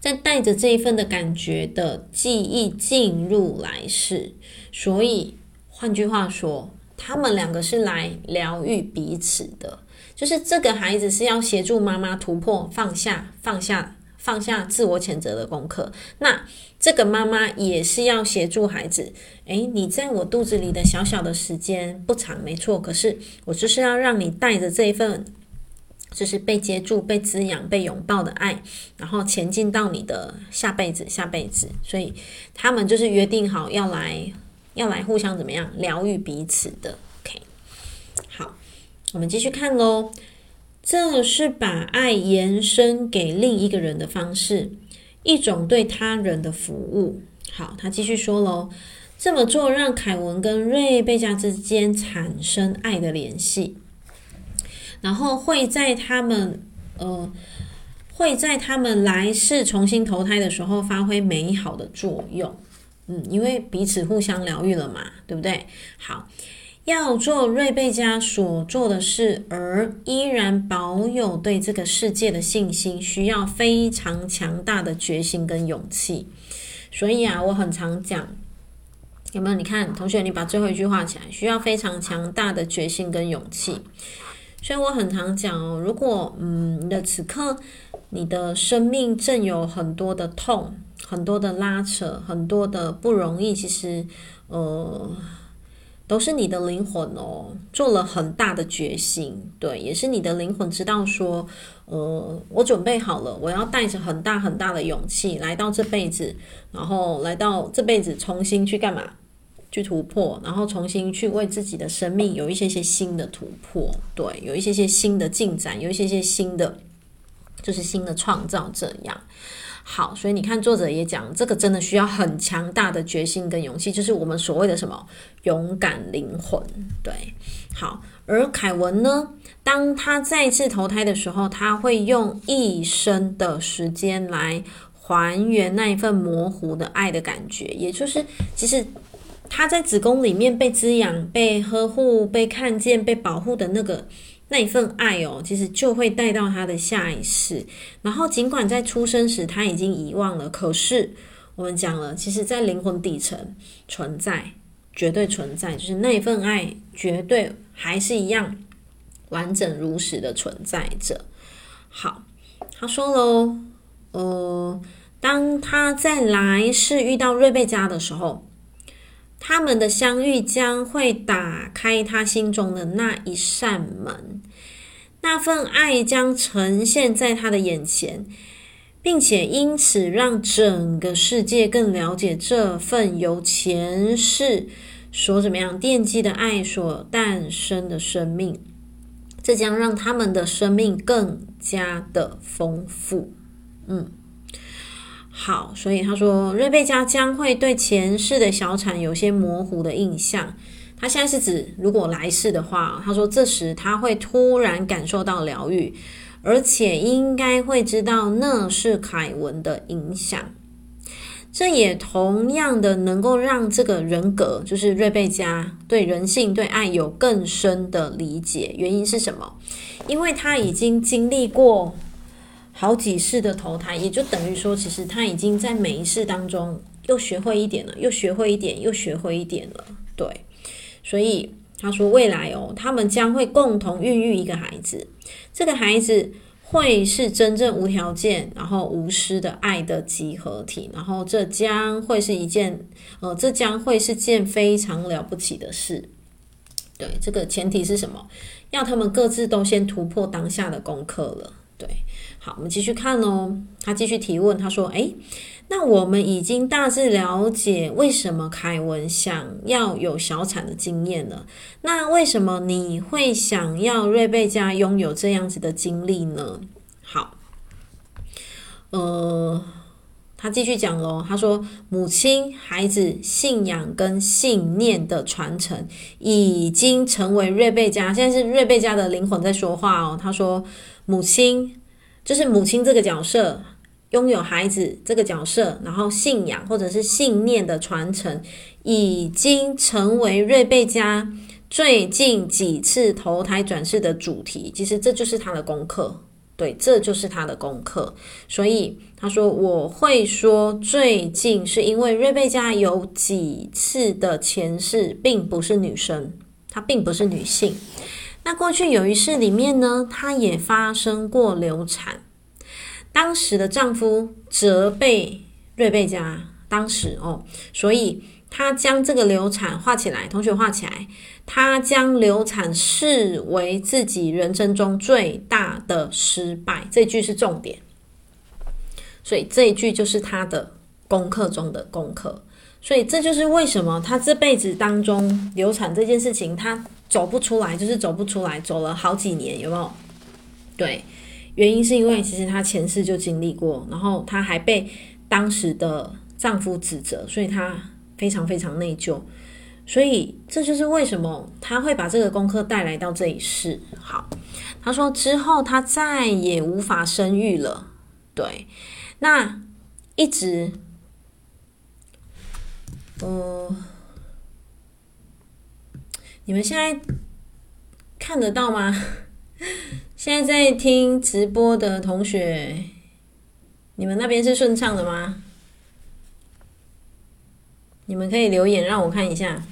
再帶着這一份的感覺的記憶進入來世。所以，換句話說，他們兩個是來療癒彼此的。就是這個孩子是要協助媽媽突破放下放下放下自我譴責的功課，那這個媽媽也是要協助孩子。誒，你在我肚子裡的小小的時間不長，沒錯，可是我就是要讓你帶着這一份就是被接住、被滋養、被擁抱的愛，然後前進到你的下輩子、下輩子。所以他們就是約定好要來要來互相怎麼樣療癒彼此的。我們繼續看嘍，這是把愛延伸給另一個人的方式，一種對他人的服務。好，他繼續說嘍，這麼做讓凱文跟瑞貝加之間產生愛的聯繫，然後會在他們呃會在他們來世重新投胎的時候發揮美好的作用。嗯，因為彼此互相療癒了嘛，對不對？好。要做瑞貝加所做的事，而依然保有對這個世界的信心，需要非常強大的決心跟勇氣。所以啊，我很常講，有沒有？你看，同學，你把最後一句話起來，需要非常強大的決心跟勇氣。所以我很常講哦，如果嗯，你的此刻，你的生命正有很多的痛，很多的拉扯，很多的不容易，其實，呃。都是你的靈魂哦，做了很大的決心，對，也是你的靈魂知道說，呃，我準備好了，我要帶着很大很大的勇氣來到這輩子，然後來到這輩子重新去幹嘛？去突破，然後重新去為自己的生命有一些些新的突破，對，有一些些新的進展，有一些些新的，就是新的創造這樣。好，所以你看，作者也講，這個真的需要很強大的決心跟勇氣，就是我們所謂的什麼勇敢靈魂，對。好，而凱文呢，當他再次投胎的時候，他會用一生的時間來還原那一份模糊的愛的感覺，也就是其實他在子宮裡面被滋養、被呵護、被看見、被保護的那個。那一份愛哦，其實就會帶到他的下一世。然後，儘管在出生時他已經遺忘了，可是我們講了，其實，在靈魂底層存在，絕對存在，就是那一份愛，絕對還是一樣完整如實的存在着。好，他說嘍，呃，當他在來世遇到瑞貝加的時候，他們的相遇將會打開他心中的那一扇門，那份愛將呈現在他的眼前，並且因此讓整個世界更了解這份由前世所怎麼樣惦記的愛所誕生的生命。這將讓他們的生命更加的豐富。嗯。好，所以他說，瑞貝加將會對前世的小產有些模糊的印象。他現在是指，如果來世的話，他說這時他會突然感受到療癒，而且應該會知道那是凱文的影響。這也同樣的能夠讓這個人格，就是瑞貝加對人性、對愛有更深的理解。原因是什麼？因為他已經經歷過。好幾世的投胎，也就等於說，其實他已經在每一世當中又學會一點了，又學會一點，又學會一點了。對，所以他說未來哦，他們將會共同孕育一個孩子，這個孩子會是真正無條件、然後無私的愛的集合體，然後這將會是一件，呃，這將會是件非常了不起的事。對，這個前提是什麼？要他們各自都先突破當下的功課了。對。好，我們繼續看哦。他繼續提問，他說：“誒、欸，那我們已經大致了解為什麼凱文想要有小產的經驗了。那為什麼你會想要瑞貝家擁有這樣子的經歷呢？”好，呃，他繼續講嘍。他說：“母親、孩子、信仰跟信念的傳承，已經成為瑞貝家。現在是瑞貝家的靈魂在說話哦、喔。”他說：“母親。”就是母親這個角色，擁有孩子這個角色，然後信仰或者是信念的傳承，已經成為瑞貝加最近幾次投胎轉世的主題。其實這就是他的功課，對，這就是他的功課。所以他說，我會說最近是因為瑞貝加有幾次的前世，並不是女生，她並不是女性。那過去有一世裡面呢，她也發生過流產，當時的丈夫責備瑞貝加，當時哦，所以她將這個流產畫起來，同學畫起來，她將流產視為自己人生中最大的失敗，這句是重點，所以這一句就是她的功課中的功課。所以這就是為什麼她這輩子當中流產這件事情，她走不出來，就是走不出來，走了好幾年，有沒有？對，原因是因為其實她前世就經歷過，然後她還被當時的丈夫指責，所以她非常非常內疚。所以這就是為什麼她會把這個功課帶來到這一世。好，她說之後她再也無法生育了。對，那一直。哦、呃，你們現在看得到嗎？現在在聽直播的同學，你們那邊是順暢的嗎？你們可以留言讓我看一下。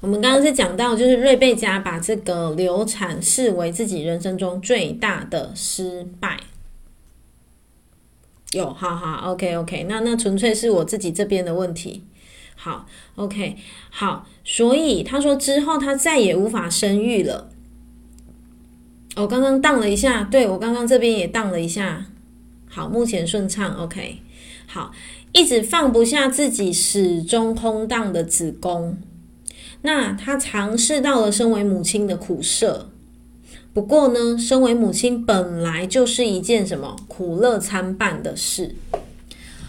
我們剛剛是講到，就是瑞貝加把這個流產視為自己人生中最大的失敗。有，好好，OK，OK，okay, okay, 那那純粹是我自己這邊的問題。好，OK，好，所以他說之後他再也無法生育了。我、哦、剛剛蕩了一下，對我剛剛這邊也蕩了一下。好，目前順暢，OK，好，一直放不下自己始終空蕩的子宮，那他嘗試到了身為母親的苦澀。不過呢，身為母親本來就是一件什麼苦樂參半的事。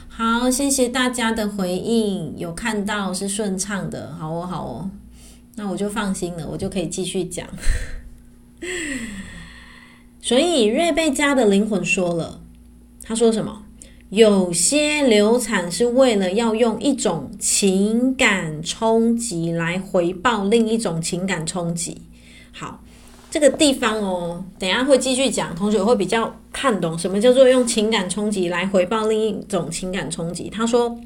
好，謝謝大家的回應，有看到是順暢的，好哦好哦，那我就放心了，我就可以繼續講。 [laughs] 所以，瑞貝卡的靈魂說了，他說什麼？有些流產是為了要用一種情感衝擊來回報另一種情感衝擊。好。這個地方哦，等一下會繼續講，同學會比較看懂什麼叫做用情感衝擊來回報另一種情感衝擊。他說，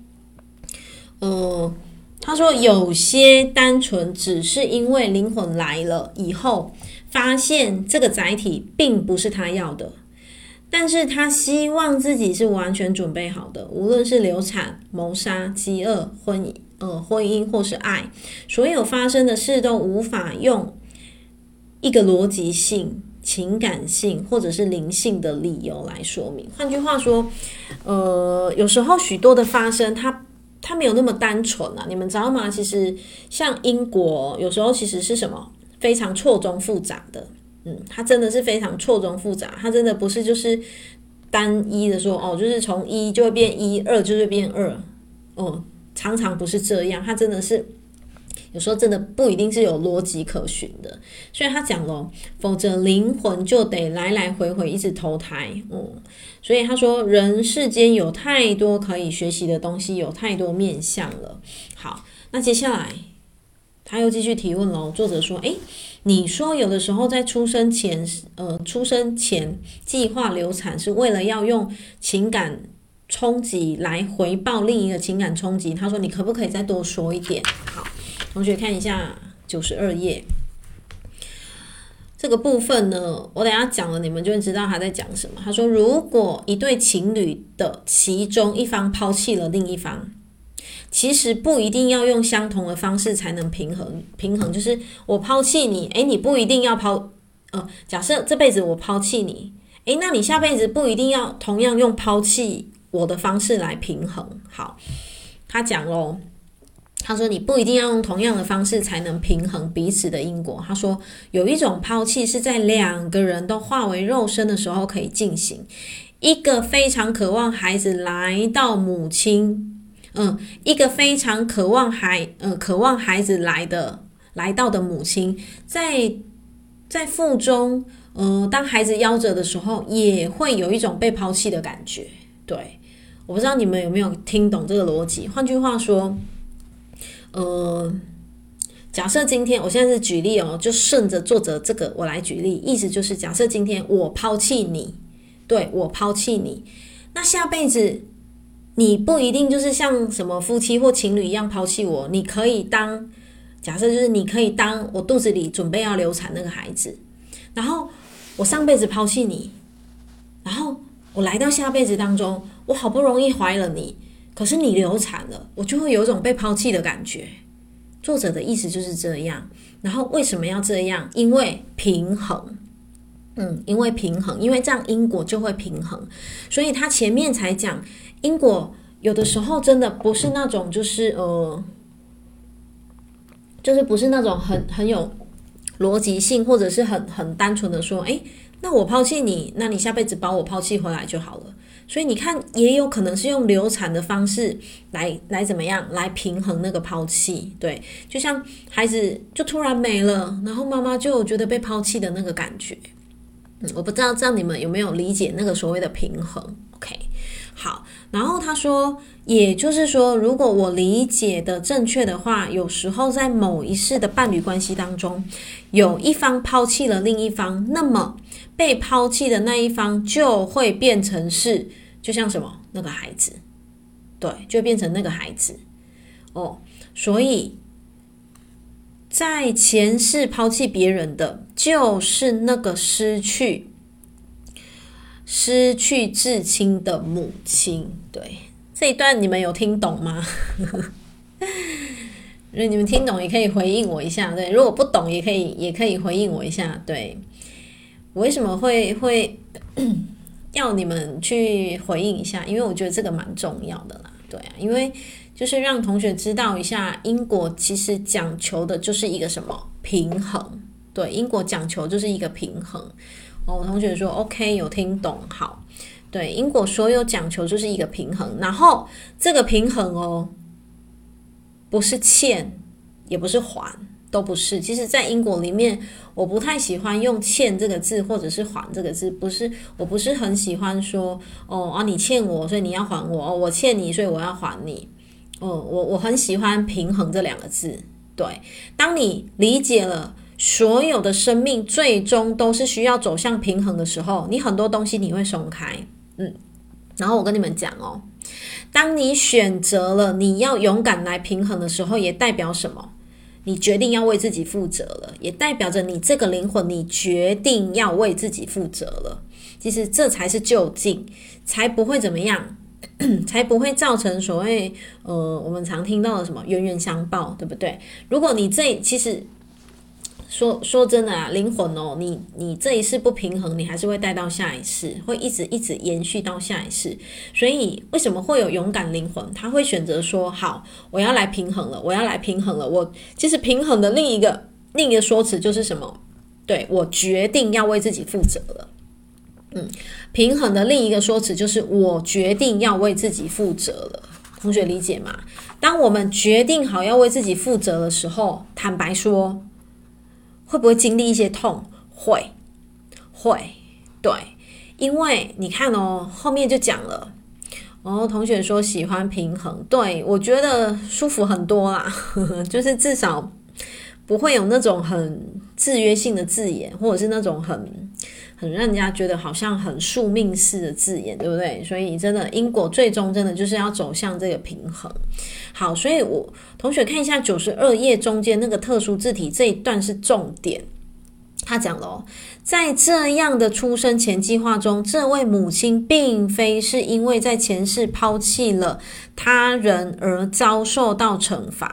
呃，他說有些單純只是因為靈魂來了以後，發現這個載體並不是他要的，但是他希望自己是完全準備好的，無論是流產、謀殺、飢餓、婚、呃、婚姻或是愛，所有發生的事都無法用。一個邏輯性、情感性，或者是靈性的理由來說明。換句話說，呃，有時候許多的發生，它它沒有那麼單純啊，你們知道嗎？其實像因果，有時候其實是什麼非常錯綜複雜的，嗯，它真的是非常錯綜複雜，它真的不是就是單一的說哦，就是從一就會變一，二就會變二，哦，常常不是這樣，它真的是。有時候真的不一定是有邏輯可循的，所以他講了，否則靈魂就得來來回回一直投胎，嗯，所以他說人世間有太多可以學習的東西，有太多面向了。好，那接下來他又繼續提問了，作者說，誒、欸，你說有的時候在出生前，呃，出生前計劃流產是為了要用情感衝擊來回報另一個情感衝擊，他說你可不可以再多說一點？好。同學看一下九十二頁這個部分呢，我等下講了，你們就會知道他在講什麼。他說，如果一對情侶的其中一方拋棄了另一方，其實不一定要用相同的方式才能平衡。平衡就是我拋棄你，誒，你不一定要拋。呃，假設這輩子我拋棄你，誒，那你下輩子不一定要同樣用拋棄我的方式來平衡。好，他講嘍。他說：“你不一定要用同樣的方式才能平衡彼此的因果。”他說：“有一種拋棄是在兩個人都化為肉身的時候可以進行。一個非常渴望孩子來到母親，嗯，一個非常渴望孩，嗯，渴望孩子來的來到的母親，在在腹中，呃，當孩子夭折的時候，也會有一種被拋棄的感覺。對，我不知道你們有沒有聽懂這個邏輯。換句話說。”呃，假設今天我現在是舉例哦，就順着作者這個我來舉例，意思就是假設今天我拋棄你，對，我拋棄你，那下輩子你不一定就是像什麼夫妻或情侶一樣拋棄我，你可以當假設就是你可以當我肚子裡準備要流產那個孩子，然後我上輩子拋棄你，然後我來到下輩子當中，我好不容易懷了你。可是你流產了，我就會有一種被拋棄的感覺。作者的意思就是這樣。然後為什麼要這樣？因為平衡，嗯，因為平衡，因為這樣因果就會平衡。所以他前面才講，因果有的時候真的不是那種就是呃，就是不是那種很很有邏輯性，或者是很很單純的說，誒，那我拋棄你，那你下輩子把我拋棄回來就好了。所以你看，也有可能是用流產的方式來來怎麼樣來平衡那個拋棄，對，就像孩子就突然沒了，然後媽媽就覺得被拋棄的那個感覺。嗯，我不知道，不知道你們有沒有理解那個所謂的平衡？OK，好。然後他說，也就是說，如果我理解的正確的話，有時候在某一世的伴侶關係當中，有一方拋棄了另一方，那麼。被拋棄的那一方就會變成是，就像什麼那個孩子，對，就變成那個孩子哦。所以，在前世拋棄別人的，就是那個失去失去至親的母親。對這一段，你們有聽懂嗎？那 [laughs] 你們聽懂也可以回應我一下，對；如果不懂，也可以也可以回應我一下，對。我為什麼會會要你們去回應一下？因為我覺得這個蠻重要的啦，對啊，因為就是讓同學知道一下，因果其實講求的就是一個什麼平衡，對，因果講求就是一個平衡。哦，我同學說 OK，有聽懂，好，對，因果所有講求就是一個平衡，然後這個平衡哦，不是欠，也不是還。都不是，其實，在因果裡面，我不太喜歡用“欠”這個字，或者是“還”這個字，不是，我不是很喜歡說，哦啊，你欠我，所以你要還我哦，我欠你，所以我要還你，哦，我我很喜歡“平衡”這兩個字。對，當你理解了所有的生命最終都是需要走向平衡的時候，你很多東西你會鬆開嗯。然後我跟你們講哦，當你選擇了你要勇敢來平衡的時候，也代表什麼？你決定要為自己負責了，也代表着你這個靈魂，你決定要為自己負責了。其實這才是究竟，才不會怎麼樣， [coughs] 才不會造成所謂呃我們常聽到的什麼冤冤相報，對不對？如果你這其實。說說真的啊，靈魂哦，你你這一世不平衡，你還是會帶到下一世，會一直一直延續到下一世。所以為什麼會有勇敢靈魂？他會選擇說：好，我要來平衡了，我要來平衡了。我其實平衡的另一個另一個說辭就是什麼？對，我決定要為自己負責了。嗯，平衡的另一個說辭就是我決定要為自己負責了。同學理解嗎？當我們決定好要為自己負責的時候，坦白說。會不會經歷一些痛？會，會，對，因為你看哦、喔，後面就講了。然、哦、後同學說喜歡平衡，對，我覺得舒服很多啦，呵呵，就是至少不會有那種很制約性的字眼，或者是那種很，很讓人家覺得好像很宿命似的字眼，對不對？所以你真的因果最終真的就是要走向這個平衡。好，所以我，同學看一下九十二頁中間那個特殊字體，這一段是重點。他講了哦，在這樣的出生前計劃中，這位母親並非是因為在前世拋棄了他人而遭受到懲罰。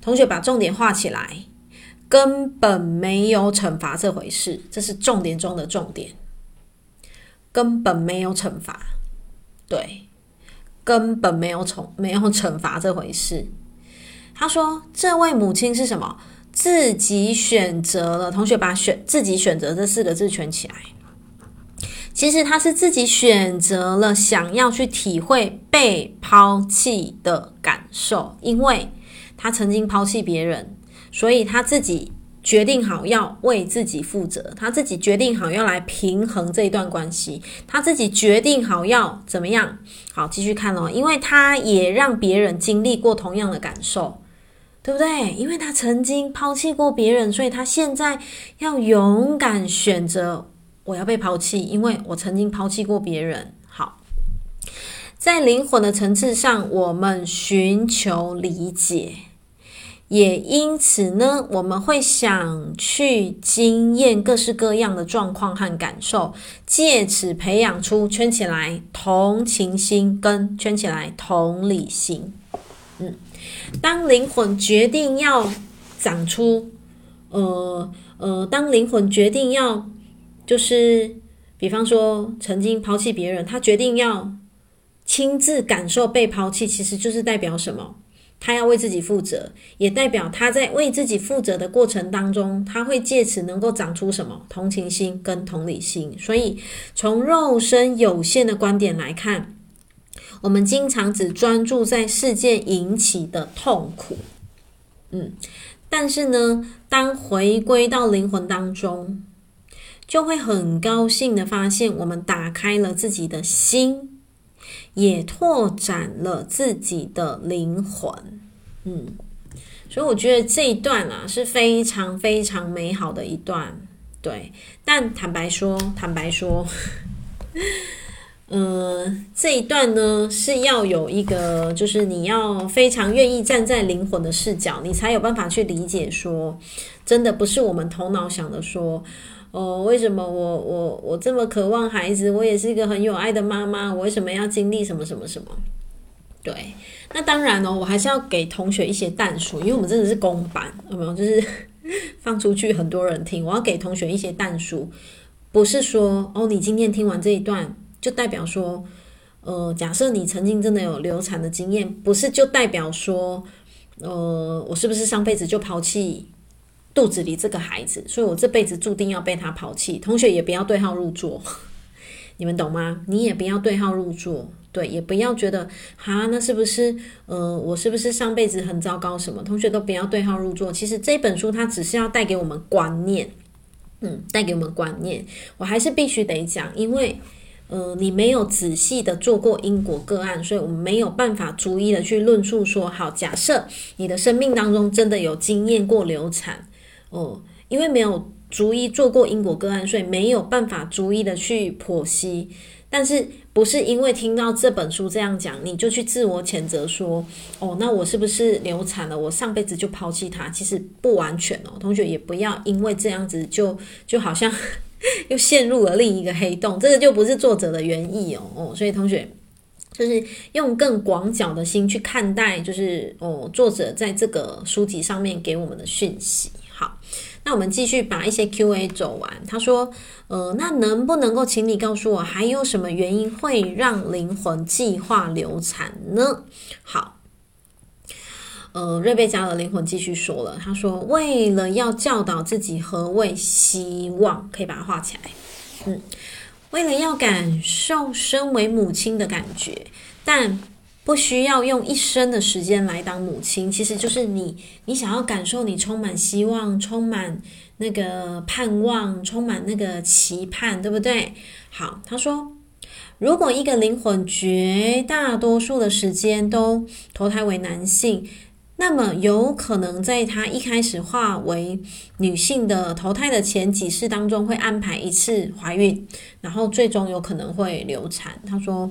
同學把重點畫起來。根本沒有懲罰這回事，這是重點中的重點。根本沒有懲罰，對，根本沒有懲沒有懲罰這回事。他說：“這位母親是什麼？自己選擇了，同學把選，自己選擇這四個字圈起來。其實他是自己選擇了想要去體會被拋棄的感受，因為他曾經拋棄別人。”所以他自己決定好要為自己負責，他自己決定好要來平衡這一段關係，他自己決定好要怎麼樣。好，繼續看哦，因為他也讓別人經歷過同樣的感受，對不對？因為他曾經拋棄過別人，所以他現在要勇敢選擇我要被拋棄，因為我曾經拋棄過別人。好，在靈魂的層次上，我們尋求理解。也因此呢，我們會想去經驗各式各樣的狀況和感受，借此培養出圈起來同情心跟圈起來同理心。嗯，當靈魂決定要長出，呃呃，當靈魂決定要就是，比方說曾經拋棄別人，他決定要親自感受被拋棄，其實就是代表什麼？他要為自己負責，也代表他在為自己負責的過程當中，他會借此能夠長出什麼？同情心跟同理心。所以，從肉身有限的觀點來看，我們經常只專注在事件引起的痛苦，嗯，但是呢，當回歸到靈魂當中，就會很高興地發現，我們打開了自己的心。也拓展了自己的靈魂，嗯，所以我覺得這一段啊，是非常非常美好的一段，對。但坦白說，坦白說，嗯，這一段呢，是要有一個，就是你要非常願意站在靈魂的視角，你才有辦法去理解說，真的不是我們頭腦想的說。哦，為什麼我我我這麼渴望孩子？我也是一個很有愛的媽媽，我為什麼要經歷什麼什麼什麼？對，那當然哦，我還是要給同學一些但書，因為我們真的是公版，有沒有？就是放出去很多人聽，我要給同學一些但書，不是說哦，你今天聽完這一段就代表說，呃，假設你曾經真的有流產的經驗，不是就代表說，呃，我是不是上輩子就拋棄？肚子裡這個孩子，所以我這輩子注定要被他拋棄。同學也不要對號入座，你們懂嗎？你也不要對號入座，對，也不要覺得哈，那是不是呃，我是不是上輩子很糟糕什麼？同學都不要對號入座。其實這本書它只是要帶給我們觀念，嗯，帶給我們觀念。我還是必須得講，因為呃，你沒有仔細的做過因果個案，所以我們沒有辦法逐一的去論述說。說好，假設你的生命當中真的有經驗過流產。哦，因為沒有逐一做過因果個案，所以沒有辦法逐一的去剖析。但是不是因為聽到這本書這樣講，你就去自我譴責說，哦，那我是不是流產了？我上輩子就拋棄他？其實不完全哦，同學也不要因為這樣子就就好像又陷入了另一個黑洞。這個就不是作者的原意哦。哦，所以同學就是用更廣角的心去看待，就是哦，作者在這個書籍上面給我們的訊息。那我們繼續把一些 Q&A 走完。他說：“呃，那能不能夠請你告訴我，還有什麼原因會讓靈魂計劃流產呢？”好，呃，瑞貝卡的靈魂繼續說了，他說：“為了要教導自己何謂希望，可以把它畫起來。嗯，為了要感受身為母親的感覺，但……”不需要用一生的時間來當母親，其實就是你，你想要感受你充滿希望、充滿那個盼望、充滿那個期盼，對不對？好，他說，如果一個靈魂絕大多數的時間都投胎為男性，那麼有可能在他一開始化為女性的投胎的前幾世當中，會安排一次懷孕，然後最終有可能會流產。他說。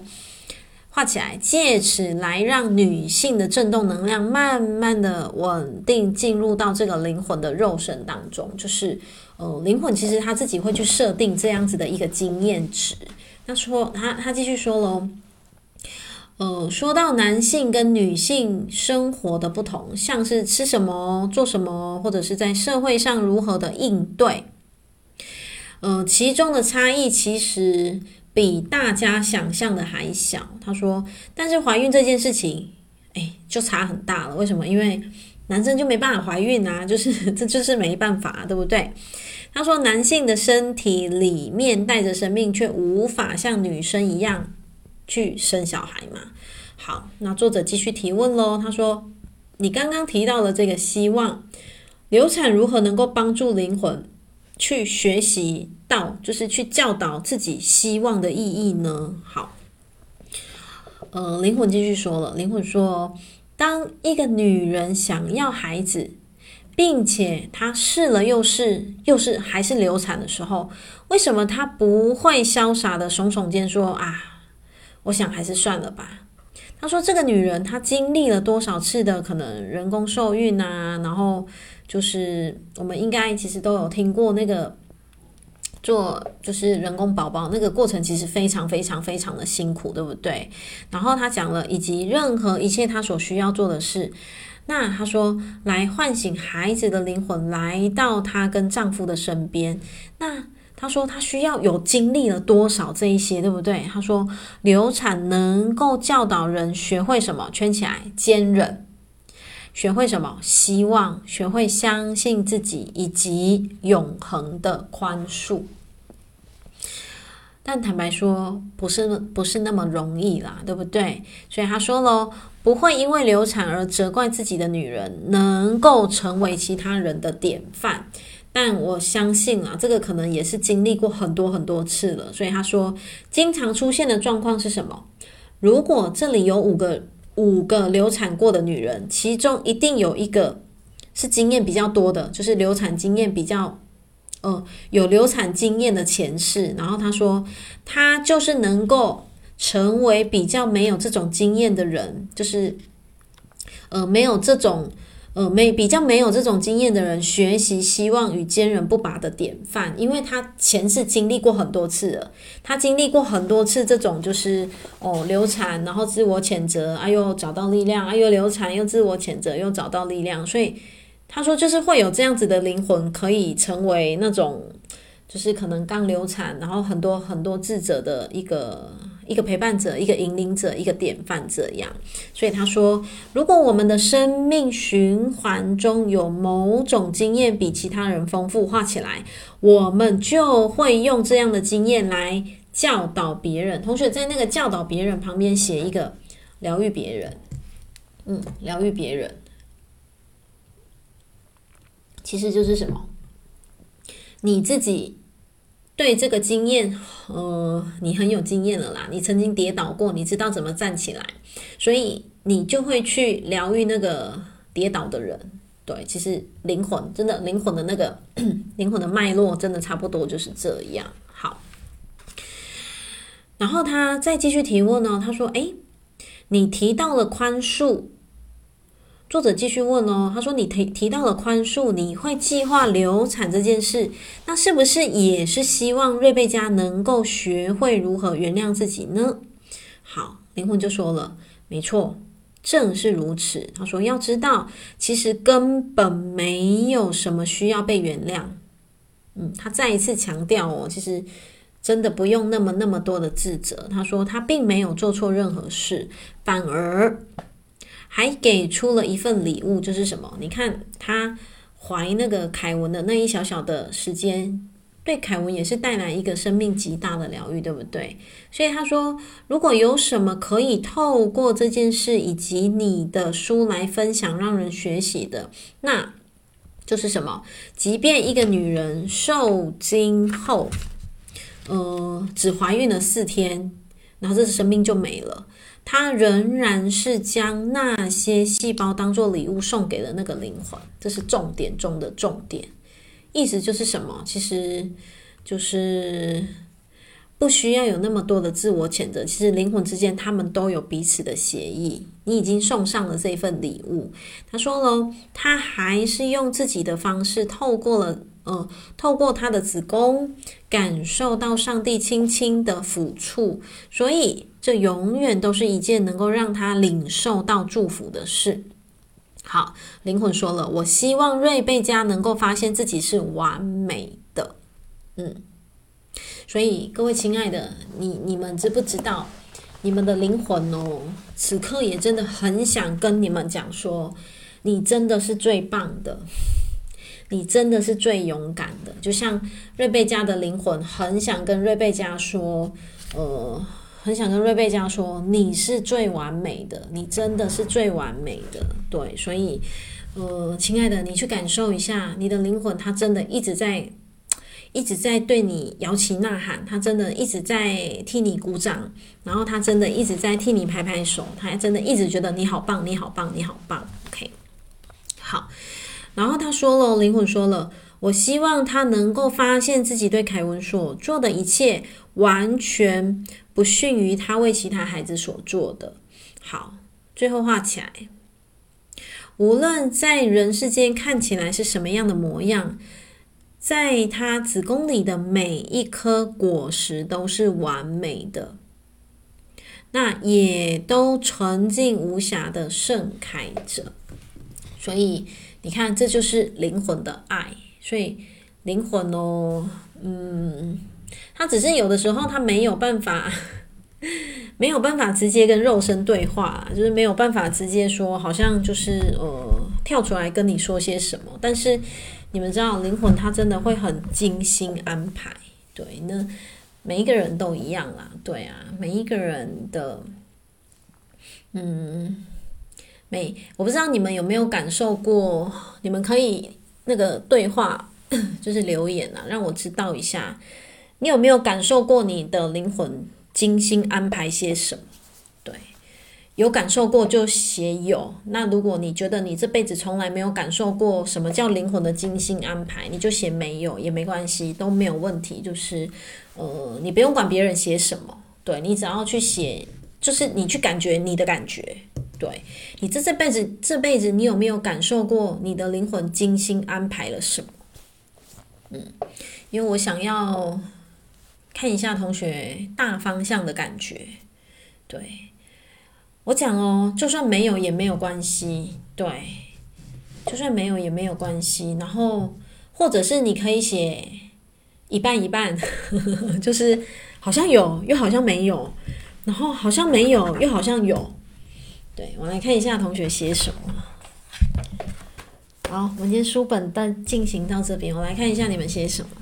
畫起來，借此來讓女性的振動能量慢慢的穩定進入到這個靈魂的肉身當中。就是，呃，靈魂其實他自己會去設定這樣子的一個經驗值。他說，他他繼續說嘍，呃，說到男性跟女性生活的不同，像是吃什麼、做什麼，或者是在社會上如何的應對，呃，其中的差異其實。比大家想象的還小，他說，但是懷孕這件事情，哎，就差很大了。為什麼？因為男生就沒辦法懷孕啊，就是這就是沒辦法，對不對？他說，男性的身體裡面帶着生命，卻無法像女生一樣去生小孩嘛。好，那作者繼續提問咯。他說，你剛剛提到了這個希望，流產如何能夠幫助靈魂？去學習到，就是去教導自己希望的意義呢？好，呃，靈魂繼續說了，靈魂說，當一個女人想要孩子，並且她試了又試，又是還是流產的時候，為什麼她不會瀟灑地聳聳肩說啊，我想還是算了吧？她說，這個女人她經歷了多少次的可能人工受孕啊，然後。就是我們應該其實都有聽過那個做就是人工寶寶那個過程，其實非常非常非常的辛苦，對不對？然後他講了，以及任何一切他所需要做的事。那他說來喚醒孩子的靈魂，來到他跟丈夫的身邊。那他說他需要有經歷了多少這一些，對不對？他說流產能夠教導人學會什麼？圈起來，堅忍。學會什麼？希望學會相信自己，以及永恆的寬恕。但坦白說，不是不是那麼容易啦，對不對？所以他說嘍，不會因為流產而責怪自己的女人，能夠成為其他人的典範。但我相信啊，這個可能也是經歷過很多很多次了。所以他說，經常出現的狀況是什麼？如果這裡有五個。五個流產過的女人，其中一定有一個是經驗比較多的，就是流產經驗比較，呃，有流產經驗的前世。然後她說，她就是能夠成為比較沒有這種經驗的人，就是，呃，沒有這種。呃，沒比較沒有這種經驗的人，學習希望與堅韌不拔的典範，因為他前世經歷過很多次了，他經歷過很多次這種就是哦，流產，然後自我譴責，哎、啊、喲找到力量，哎、啊、喲流產又自我譴責又找到力量，所以他說就是會有這樣子的靈魂可以成為那種就是可能剛流產，然後很多很多智者的一個。一個陪伴者，一個引領者，一個典範者，這樣。所以他說，如果我們的生命循環中有某種經驗比其他人豐富，化起來，我們就會用這樣的經驗來教導別人。同學在那個教導別人旁邊寫一個療癒別人，嗯，療癒別人，其實就是什麼？你自己。對這個經驗，呃，你很有經驗了啦，你曾經跌倒過，你知道怎麼站起來，所以你就會去療癒那個跌倒的人。對，其實靈魂真的，靈魂的那個靈魂的脈絡，真的差不多就是這樣。好，然後他再繼續提問呢、哦，他說：“哎，你提到了寬恕。”作者繼續問哦，他說：“你提提到了寬恕，你會計劃流產這件事，那是不是也是希望瑞貝卡能夠學會如何原諒自己呢？”好，靈魂就說了：“沒錯，正是如此。”他說：“要知道，其實根本沒有什麼需要被原諒。”嗯，他再一次強調哦，其實真的不用那麼那麼多的自責。他說：“他並沒有做錯任何事，反而。”還給出了一份禮物，就是什麼？你看，她懷那個凱文的那一小小的時間，對凱文也是帶來一個生命極大的療癒，對不對？所以他說，如果有什麼可以透過這件事以及你的書來分享，讓人學習的，那就是什麼？即便一個女人受精後，呃，只懷孕了四天，然後這生命就沒了。他仍然是將那些細胞當做禮物送給了那個靈魂，這是重點中的重點。意思就是什麼？其實就是不需要有那麼多的自我譴責。其實靈魂之間，他們都有彼此的協議。你已經送上了這份禮物。他說嘍，他還是用自己的方式，透過了呃，透過他的子宮，感受到上帝輕輕的撫觸，所以。這永遠都是一件能夠讓他領受到祝福的事。好，靈魂說了，我希望瑞貝家能夠發現自己是完美的。嗯，所以各位親愛的，你你們知不知道，你們的靈魂哦，此刻也真的很想跟你們講說，你真的是最棒的，你真的是最勇敢的。就像瑞貝家的靈魂很想跟瑞貝家說，呃。很想跟瑞貝加說，你是最完美的，你真的是最完美的，對，所以，呃，親愛的，你去感受一下，你的靈魂，他真的一直在，一直在對你搖旗吶喊，他真的一直在替你鼓掌，然後他真的一直在替你拍拍手，他還真的一直覺得你好棒，你好棒，你好棒，OK，好，然後他說了，靈魂說了，我希望他能夠發現自己對凱文所做的一切完全。不遜於他為其他孩子所做的。好，最後畫起來，無論在人世間看起來是什麼樣的模樣，在他子宮裡的每一顆果實都是完美的，那也都純淨無瑕的盛開着。所以你看，這就是靈魂的愛。所以靈魂哦，嗯。他只是有的時候他沒有辦法，沒有辦法直接跟肉身對話，就是沒有辦法直接說，好像就是呃跳出來跟你說些什麼。但是你們知道，靈魂他真的會很精心安排。對，那每一個人都一樣啦。對啊，每一個人的，嗯，沒我不知道你們有沒有感受過，你們可以那個對話就是留言啊，讓我知道一下。你有沒有感受過你的靈魂精心安排些什麼？對，有感受過就寫有。那如果你覺得你這輩子從來沒有感受過什麼叫靈魂的精心安排，你就寫沒有，也沒關係，都沒有問題。就是，呃，你不用管別人寫什麼，對，你只要去寫，就是你去感覺你的感覺。對，你這這輩子這輩子，你有沒有感受過你的靈魂精心安排了什麼？嗯，因為我想要看一下同學大方向的感覺，對，我講哦，就算沒有也沒有關係，對，就算沒有也沒有關係。然後或者是你可以寫一半一半， [laughs] 就是好像有又好像沒有，然後好像沒有又好像有。對，我來看一下同學寫什麼。好，我先書本再進行到這邊，我來看一下你們寫什麼。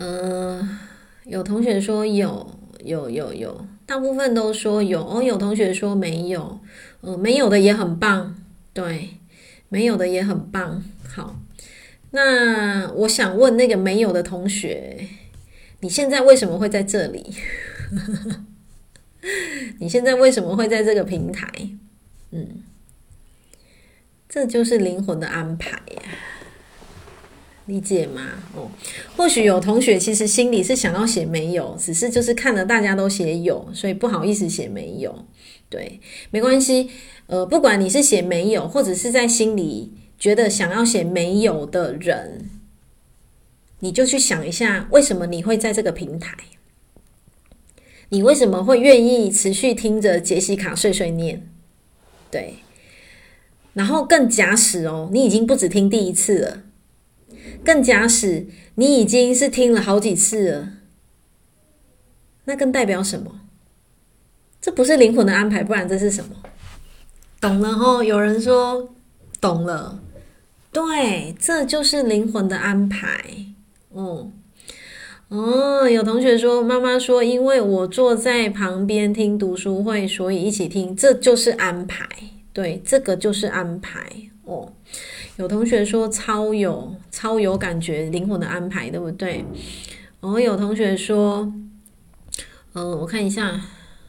嗯、呃，有同學說有，有，有，有，大部分都說有哦。有同學說沒有，嗯、呃，沒有的也很棒，對，沒有的也很棒。好，那我想問那個沒有的同學，你現在為什麼會在這裡？ [laughs] 你現在為什麼會在這個平台？嗯，這就是靈魂的安排呀、啊。理解嗎？哦，或許有同學其實心裡是想要寫沒有，只是就是看了大家都寫有，所以不好意思寫沒有。對，沒關係。呃，不管你是寫沒有，或者是在心裡覺得想要寫沒有的人，你就去想一下，為什麼你會在這個平台？你為什麼會願意持續聽着潔西卡碎碎念？對，然後更假使哦，你已經不只聽第一次了。更假使你已經是聽了好幾次了，那更代表什麼？這不是靈魂的安排，不然這是什麼？懂了哦，有人說懂了，對，這就是靈魂的安排。哦、嗯、哦，有同學說，媽媽說，因為我坐在旁邊聽讀書會，所以一起聽，這就是安排。對，這個就是安排。哦。有同學說超有超有感覺，靈魂的安排，對不對？然後有同學說，嗯，我看一下，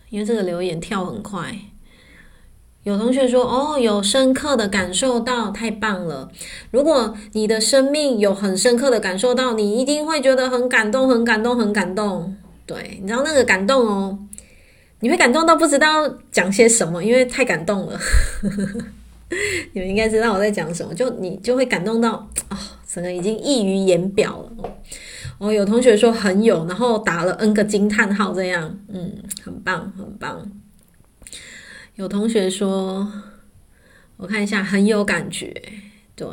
因為這個留言跳很快。有同學說，哦，有深刻的感受到，太棒了！如果你的生命有很深刻的感受到，你一定會覺得很感動，很感動，很感動。對，你知道那個感動哦，你會感動到不知道講些什麼，因為太感動了。 [laughs] 你們應該知道我在講什麼，就你就會感動到啊，哦，整個已經溢於言表了。哦，有同學說很有，然後打了 N 個驚嘆號，這樣，嗯，很棒，很棒。有同學說，我看一下，很有感覺。對，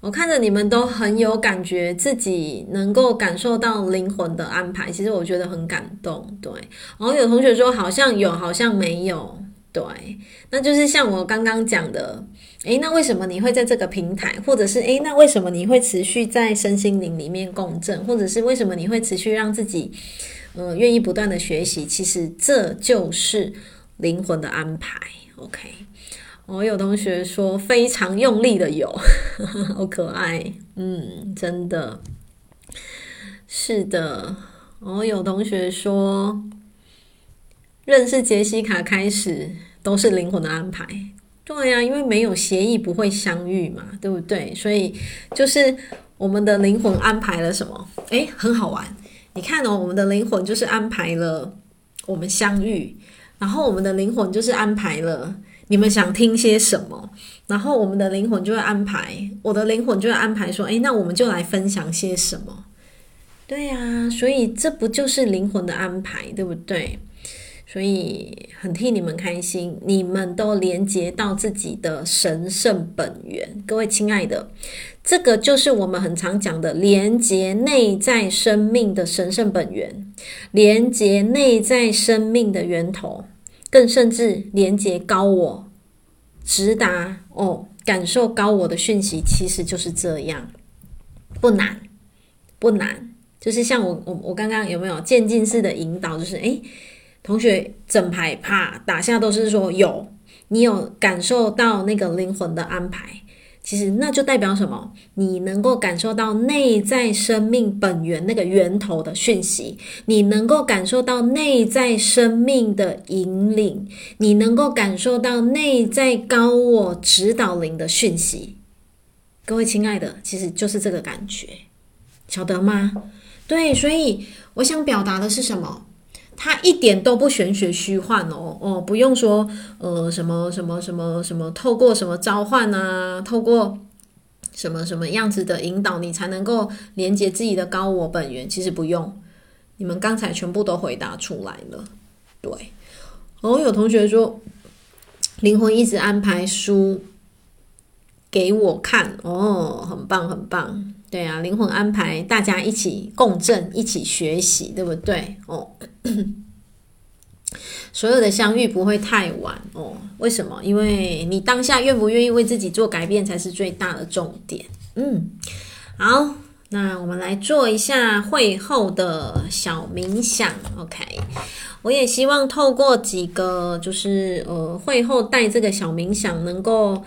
我看着你們都很有感覺，自己能夠感受到靈魂的安排，其實我覺得很感動。對，然後有同學說好像有，好像沒有。對，那就是像我剛剛講的，誒，那為什麼你會在這個平台，或者是誒，那為什麼你會持續在身心靈裡面共振，或者是為什麼你會持續讓自己，呃，願意不斷的學習？其實這就是靈魂的安排。OK，我有同學說非常用力的有 [laughs] 好可愛。嗯，真的，是的。我有同學說。認識潔西卡開始都是靈魂的安排，對呀，因為沒有協議不會相遇嘛，對不對？所以就是我們的靈魂安排了什麼？誒，很好玩。你看呢？我們的靈魂就是安排了我們相遇，然後我們的靈魂就是安排了你們想聽些什麼，然後我們的靈魂就會安排，我的靈魂就會安排說，誒，那我們就來分享些什麼？對呀，所以這不就是靈魂的安排，對不對？所以很替你們開心，你們都連接到自己的神聖本源。各位親愛的，這個就是我們很常講的連接內在生命的神聖本源，連接內在生命的源頭，更甚至連接高我，直達哦，感受高我的訊息。其實就是這樣，不難，不難，就是像我我我剛剛有沒有漸進式的引導，就是誒。同學，整排啪打下都是說有，你有感受到那個靈魂的安排，其實那就代表什麼？你能夠感受到內在生命本源那個源頭的訊息，你能夠感受到內在生命的引領，你能夠感受到內在高我指導靈的訊息。各位親愛的，其實就是這個感覺，曉得嗎？對，所以我想表達的是什麼？它一點都不玄學虛幻哦哦，不用說呃什麼什麼什麼什麼，透過什麼召喚啊，透過什麼什麼樣子的引導，你才能夠連接自己的高我本源。其實不用，你們剛才全部都回答出來了，對。然後有同學說，靈魂一直安排書。給我看哦，很棒很棒，對啊，靈魂安排，大家一起共振，一起學習，對不對？哦， [coughs] 所有的相遇不會太晚哦。為什麼？因為你當下願不願意為自己做改變，才是最大的重點。嗯，好，那我們來做一下會後的小冥想。OK，我也希望透過幾個，就是呃，會後帶這個小冥想，能夠。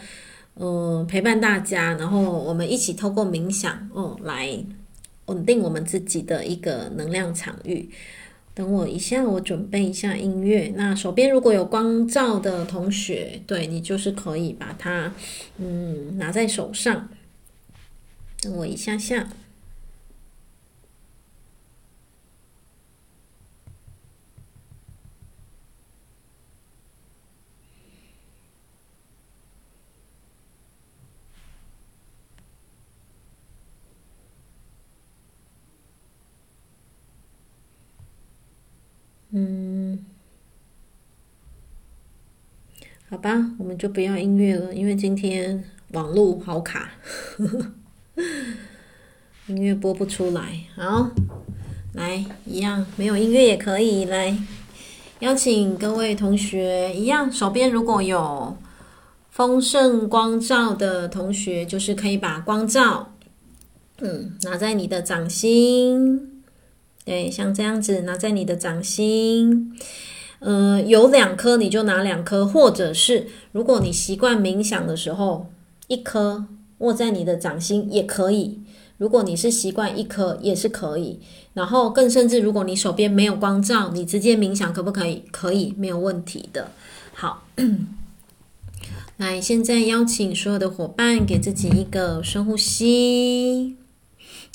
嗯，陪伴大家，然後我們一起透過冥想，哦，嗯，來穩定我們自己的一個能量場域。等我一下，我準備一下音樂。那手邊如果有光照的同學，對，你就是可以把它，嗯，拿在手上。等我一下下。好吧，我們就不要音樂了，因為今天網路好卡，呵呵，音樂播不出來。好，來，一樣，沒有音樂也可以。來，邀請各位同學一樣，手邊如果有豐盛光照的同學，就是可以把光照，嗯，拿在你的掌心，對，像這樣子，拿在你的掌心。嗯、呃，有兩顆你就拿兩顆，或者是如果你習慣冥想的時候，一顆握在你的掌心也可以。如果你是習慣一顆也是可以。然後更甚至，如果你手邊沒有光照，你直接冥想可不可以？可以，沒有問題的。好， [coughs] 來，現在邀請所有的夥伴給自己一個深呼吸，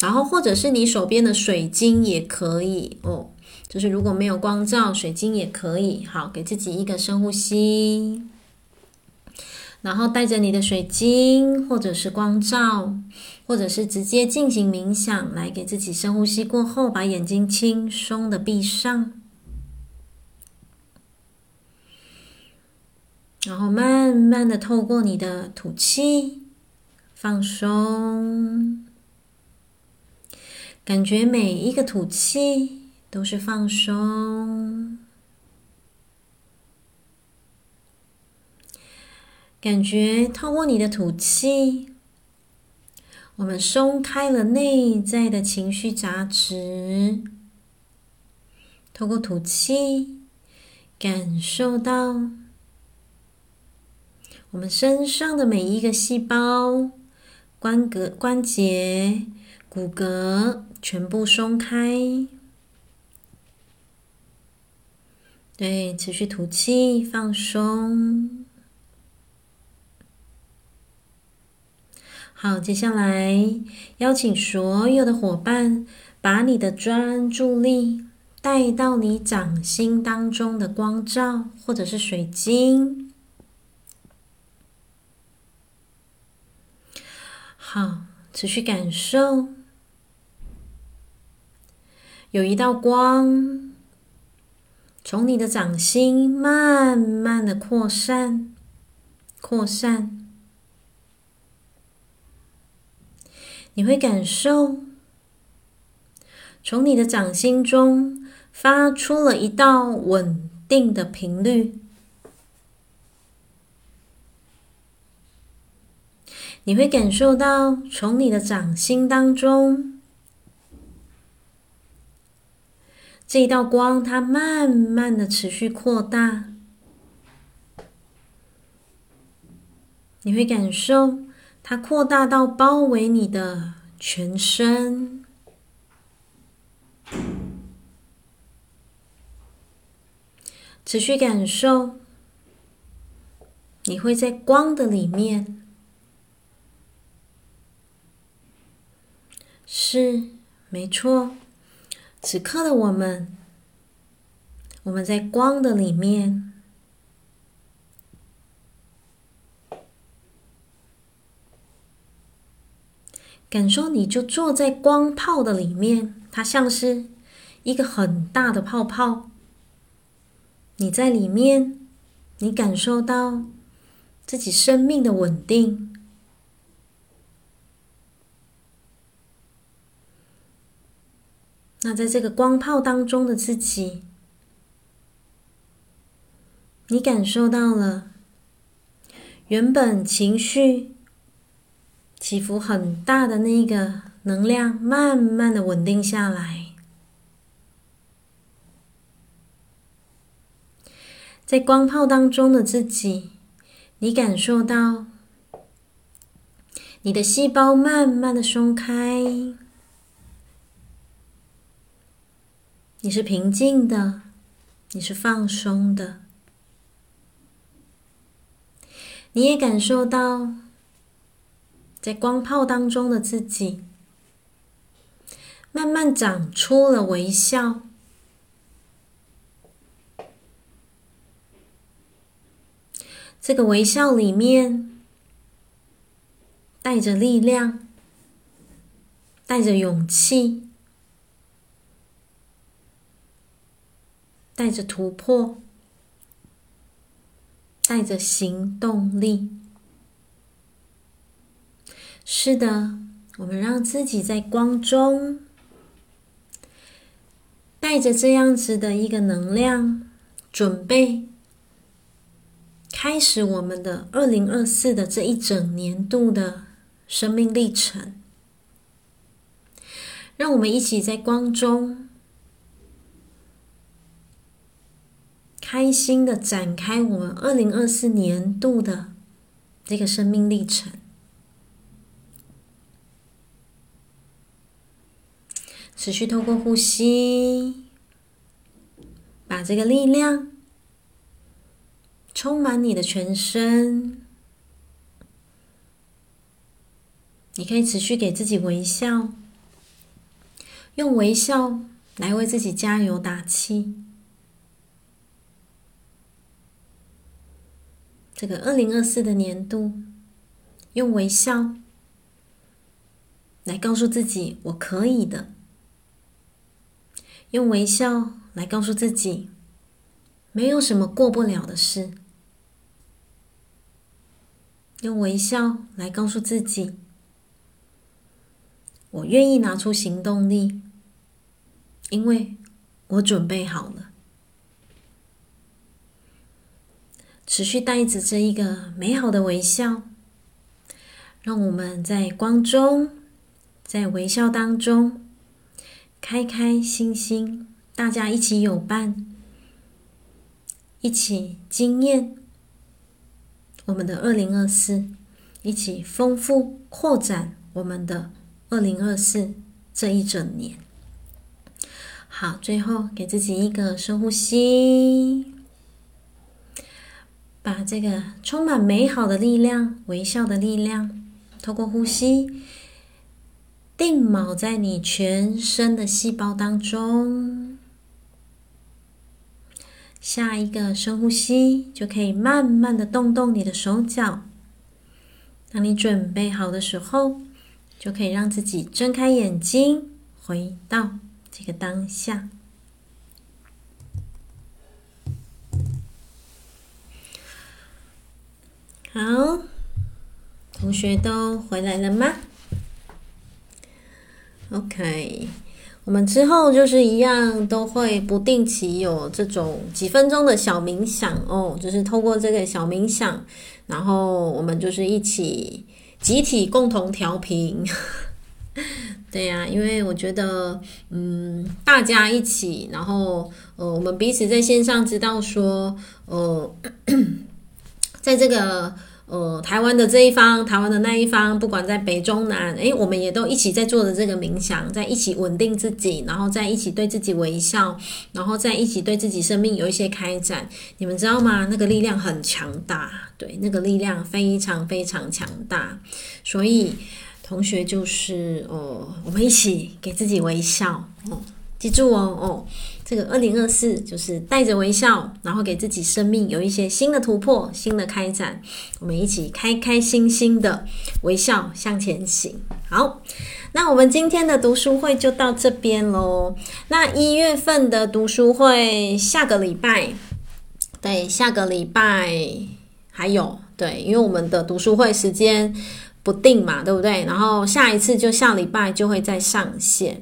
然後或者是你手邊的水晶也可以哦。就是如果沒有光照，水晶也可以。好，給自己一個深呼吸，然後帶着你的水晶，或者是光照，或者是直接進行冥想，來給自己深呼吸。過後，把眼睛輕鬆的閉上，然後慢慢的透過你的吐氣，放鬆，感覺每一個吐氣。都是放鬆，感覺透過你的吐氣，我們鬆開了內在的情緒雜質。透過吐氣，感受到我們身上的每一個細胞、關隔、關節、骨骼全部鬆開。對，持續吐氣，放鬆。好，接下來邀請所有的夥伴，把你的專注力帶到你掌心當中的光照或者是水晶。好，持續感受。有一道光。從你的掌心慢慢的擴散，擴散，你會感受從你的掌心中發出了一道穩定的頻率，你會感受到從你的掌心當中。這一道光，它慢慢的持續擴大，你會感受它擴大到包圍你的全身，持續感受，你會在光的裡面，是，沒錯。此刻的我們，我們在光的裡面，感受你就坐在光泡的裡面，它像是一個很大的泡泡，你在裡面，你感受到自己生命的穩定。那在這個光泡當中的自己，你感受到了原本情緒起伏很大的那個能量，慢慢的穩定下來。在光泡當中的自己，你感受到你的細胞慢慢的鬆開。你是平靜的，你是放鬆的。你也感受到在光泡當中的自己，慢慢長出了微笑。這個微笑裡面，帶着力量，帶着勇氣。帶着突破，帶着行動力，是的，我們讓自己在光中，帶着這樣子的一個能量，準備開始我們的二零二四的這一整年度的生命歷程。讓我們一起在光中。開心的展開我們二零二四年度的這個生命歷程，持續透過呼吸，把這個力量充滿你的全身。你可以持續給自己微笑，用微笑來為自己加油打氣。這個二零二四的年度，用微笑來告訴自己“我可以的”，用微笑來告訴自己“沒有什麼過不了的事”，用微笑來告訴自己“我願意拿出行動力”，因為我準備好了。持續帶着這一個美好的微笑，讓我們在光中，在微笑當中，開開心心，大家一起有伴，一起經驗我們的二零二四，一起豐富擴展我們的二零二四這一整年。好，最後給自己一個深呼吸。把這個充滿美好的力量、微笑的力量，透過呼吸定錨在你全身的細胞當中。下一個深呼吸，就可以慢慢的動動你的手腳。當你準備好的時候，就可以讓自己睜開眼睛，回到這個當下。好，同學都回來了嗎？OK，我們之後就是一樣，都會不定期有這種幾分鐘的小冥想哦，就是透過這個小冥想，然後我們就是一起集體共同調頻。 [laughs] 對呀、啊，因為我覺得，嗯，大家一起，然後呃，我們彼此在線上知道說，呃。 [coughs] 在這個呃台灣的這一方，台灣的那一方，不管在北中南，誒、欸，我們也都一起在做的這個冥想，在一起穩定自己，然後在一起對自己微笑，然後在一起對自己生命有一些開展。你們知道嗎？那個力量很強大，對，那個力量非常非常強大。所以同學就是，哦、呃，我們一起給自己微笑，哦，記住哦，哦。這個二零二四就是帶着微笑，然後給自己生命有一些新的突破、新的開展。我們一起開開心心的微笑向前行。好，那我們今天的讀書會就到這邊嘍。那一月份的讀書會下個禮拜，對，下個禮拜還有，對，因為我們的讀書會時間不定嘛，對不對？然後下一次就下禮拜就會再上線。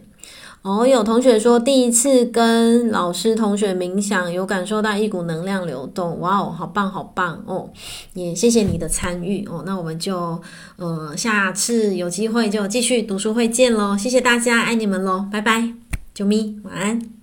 哦，有同學說第一次跟老師同學冥想，有感受到一股能量流動，哇哦，好棒好棒哦！也謝謝你的參與哦，那我們就，呃，下次有機會就繼續讀書會見嘍，謝謝大家，愛你們嘍，拜拜，啾咪，晚安。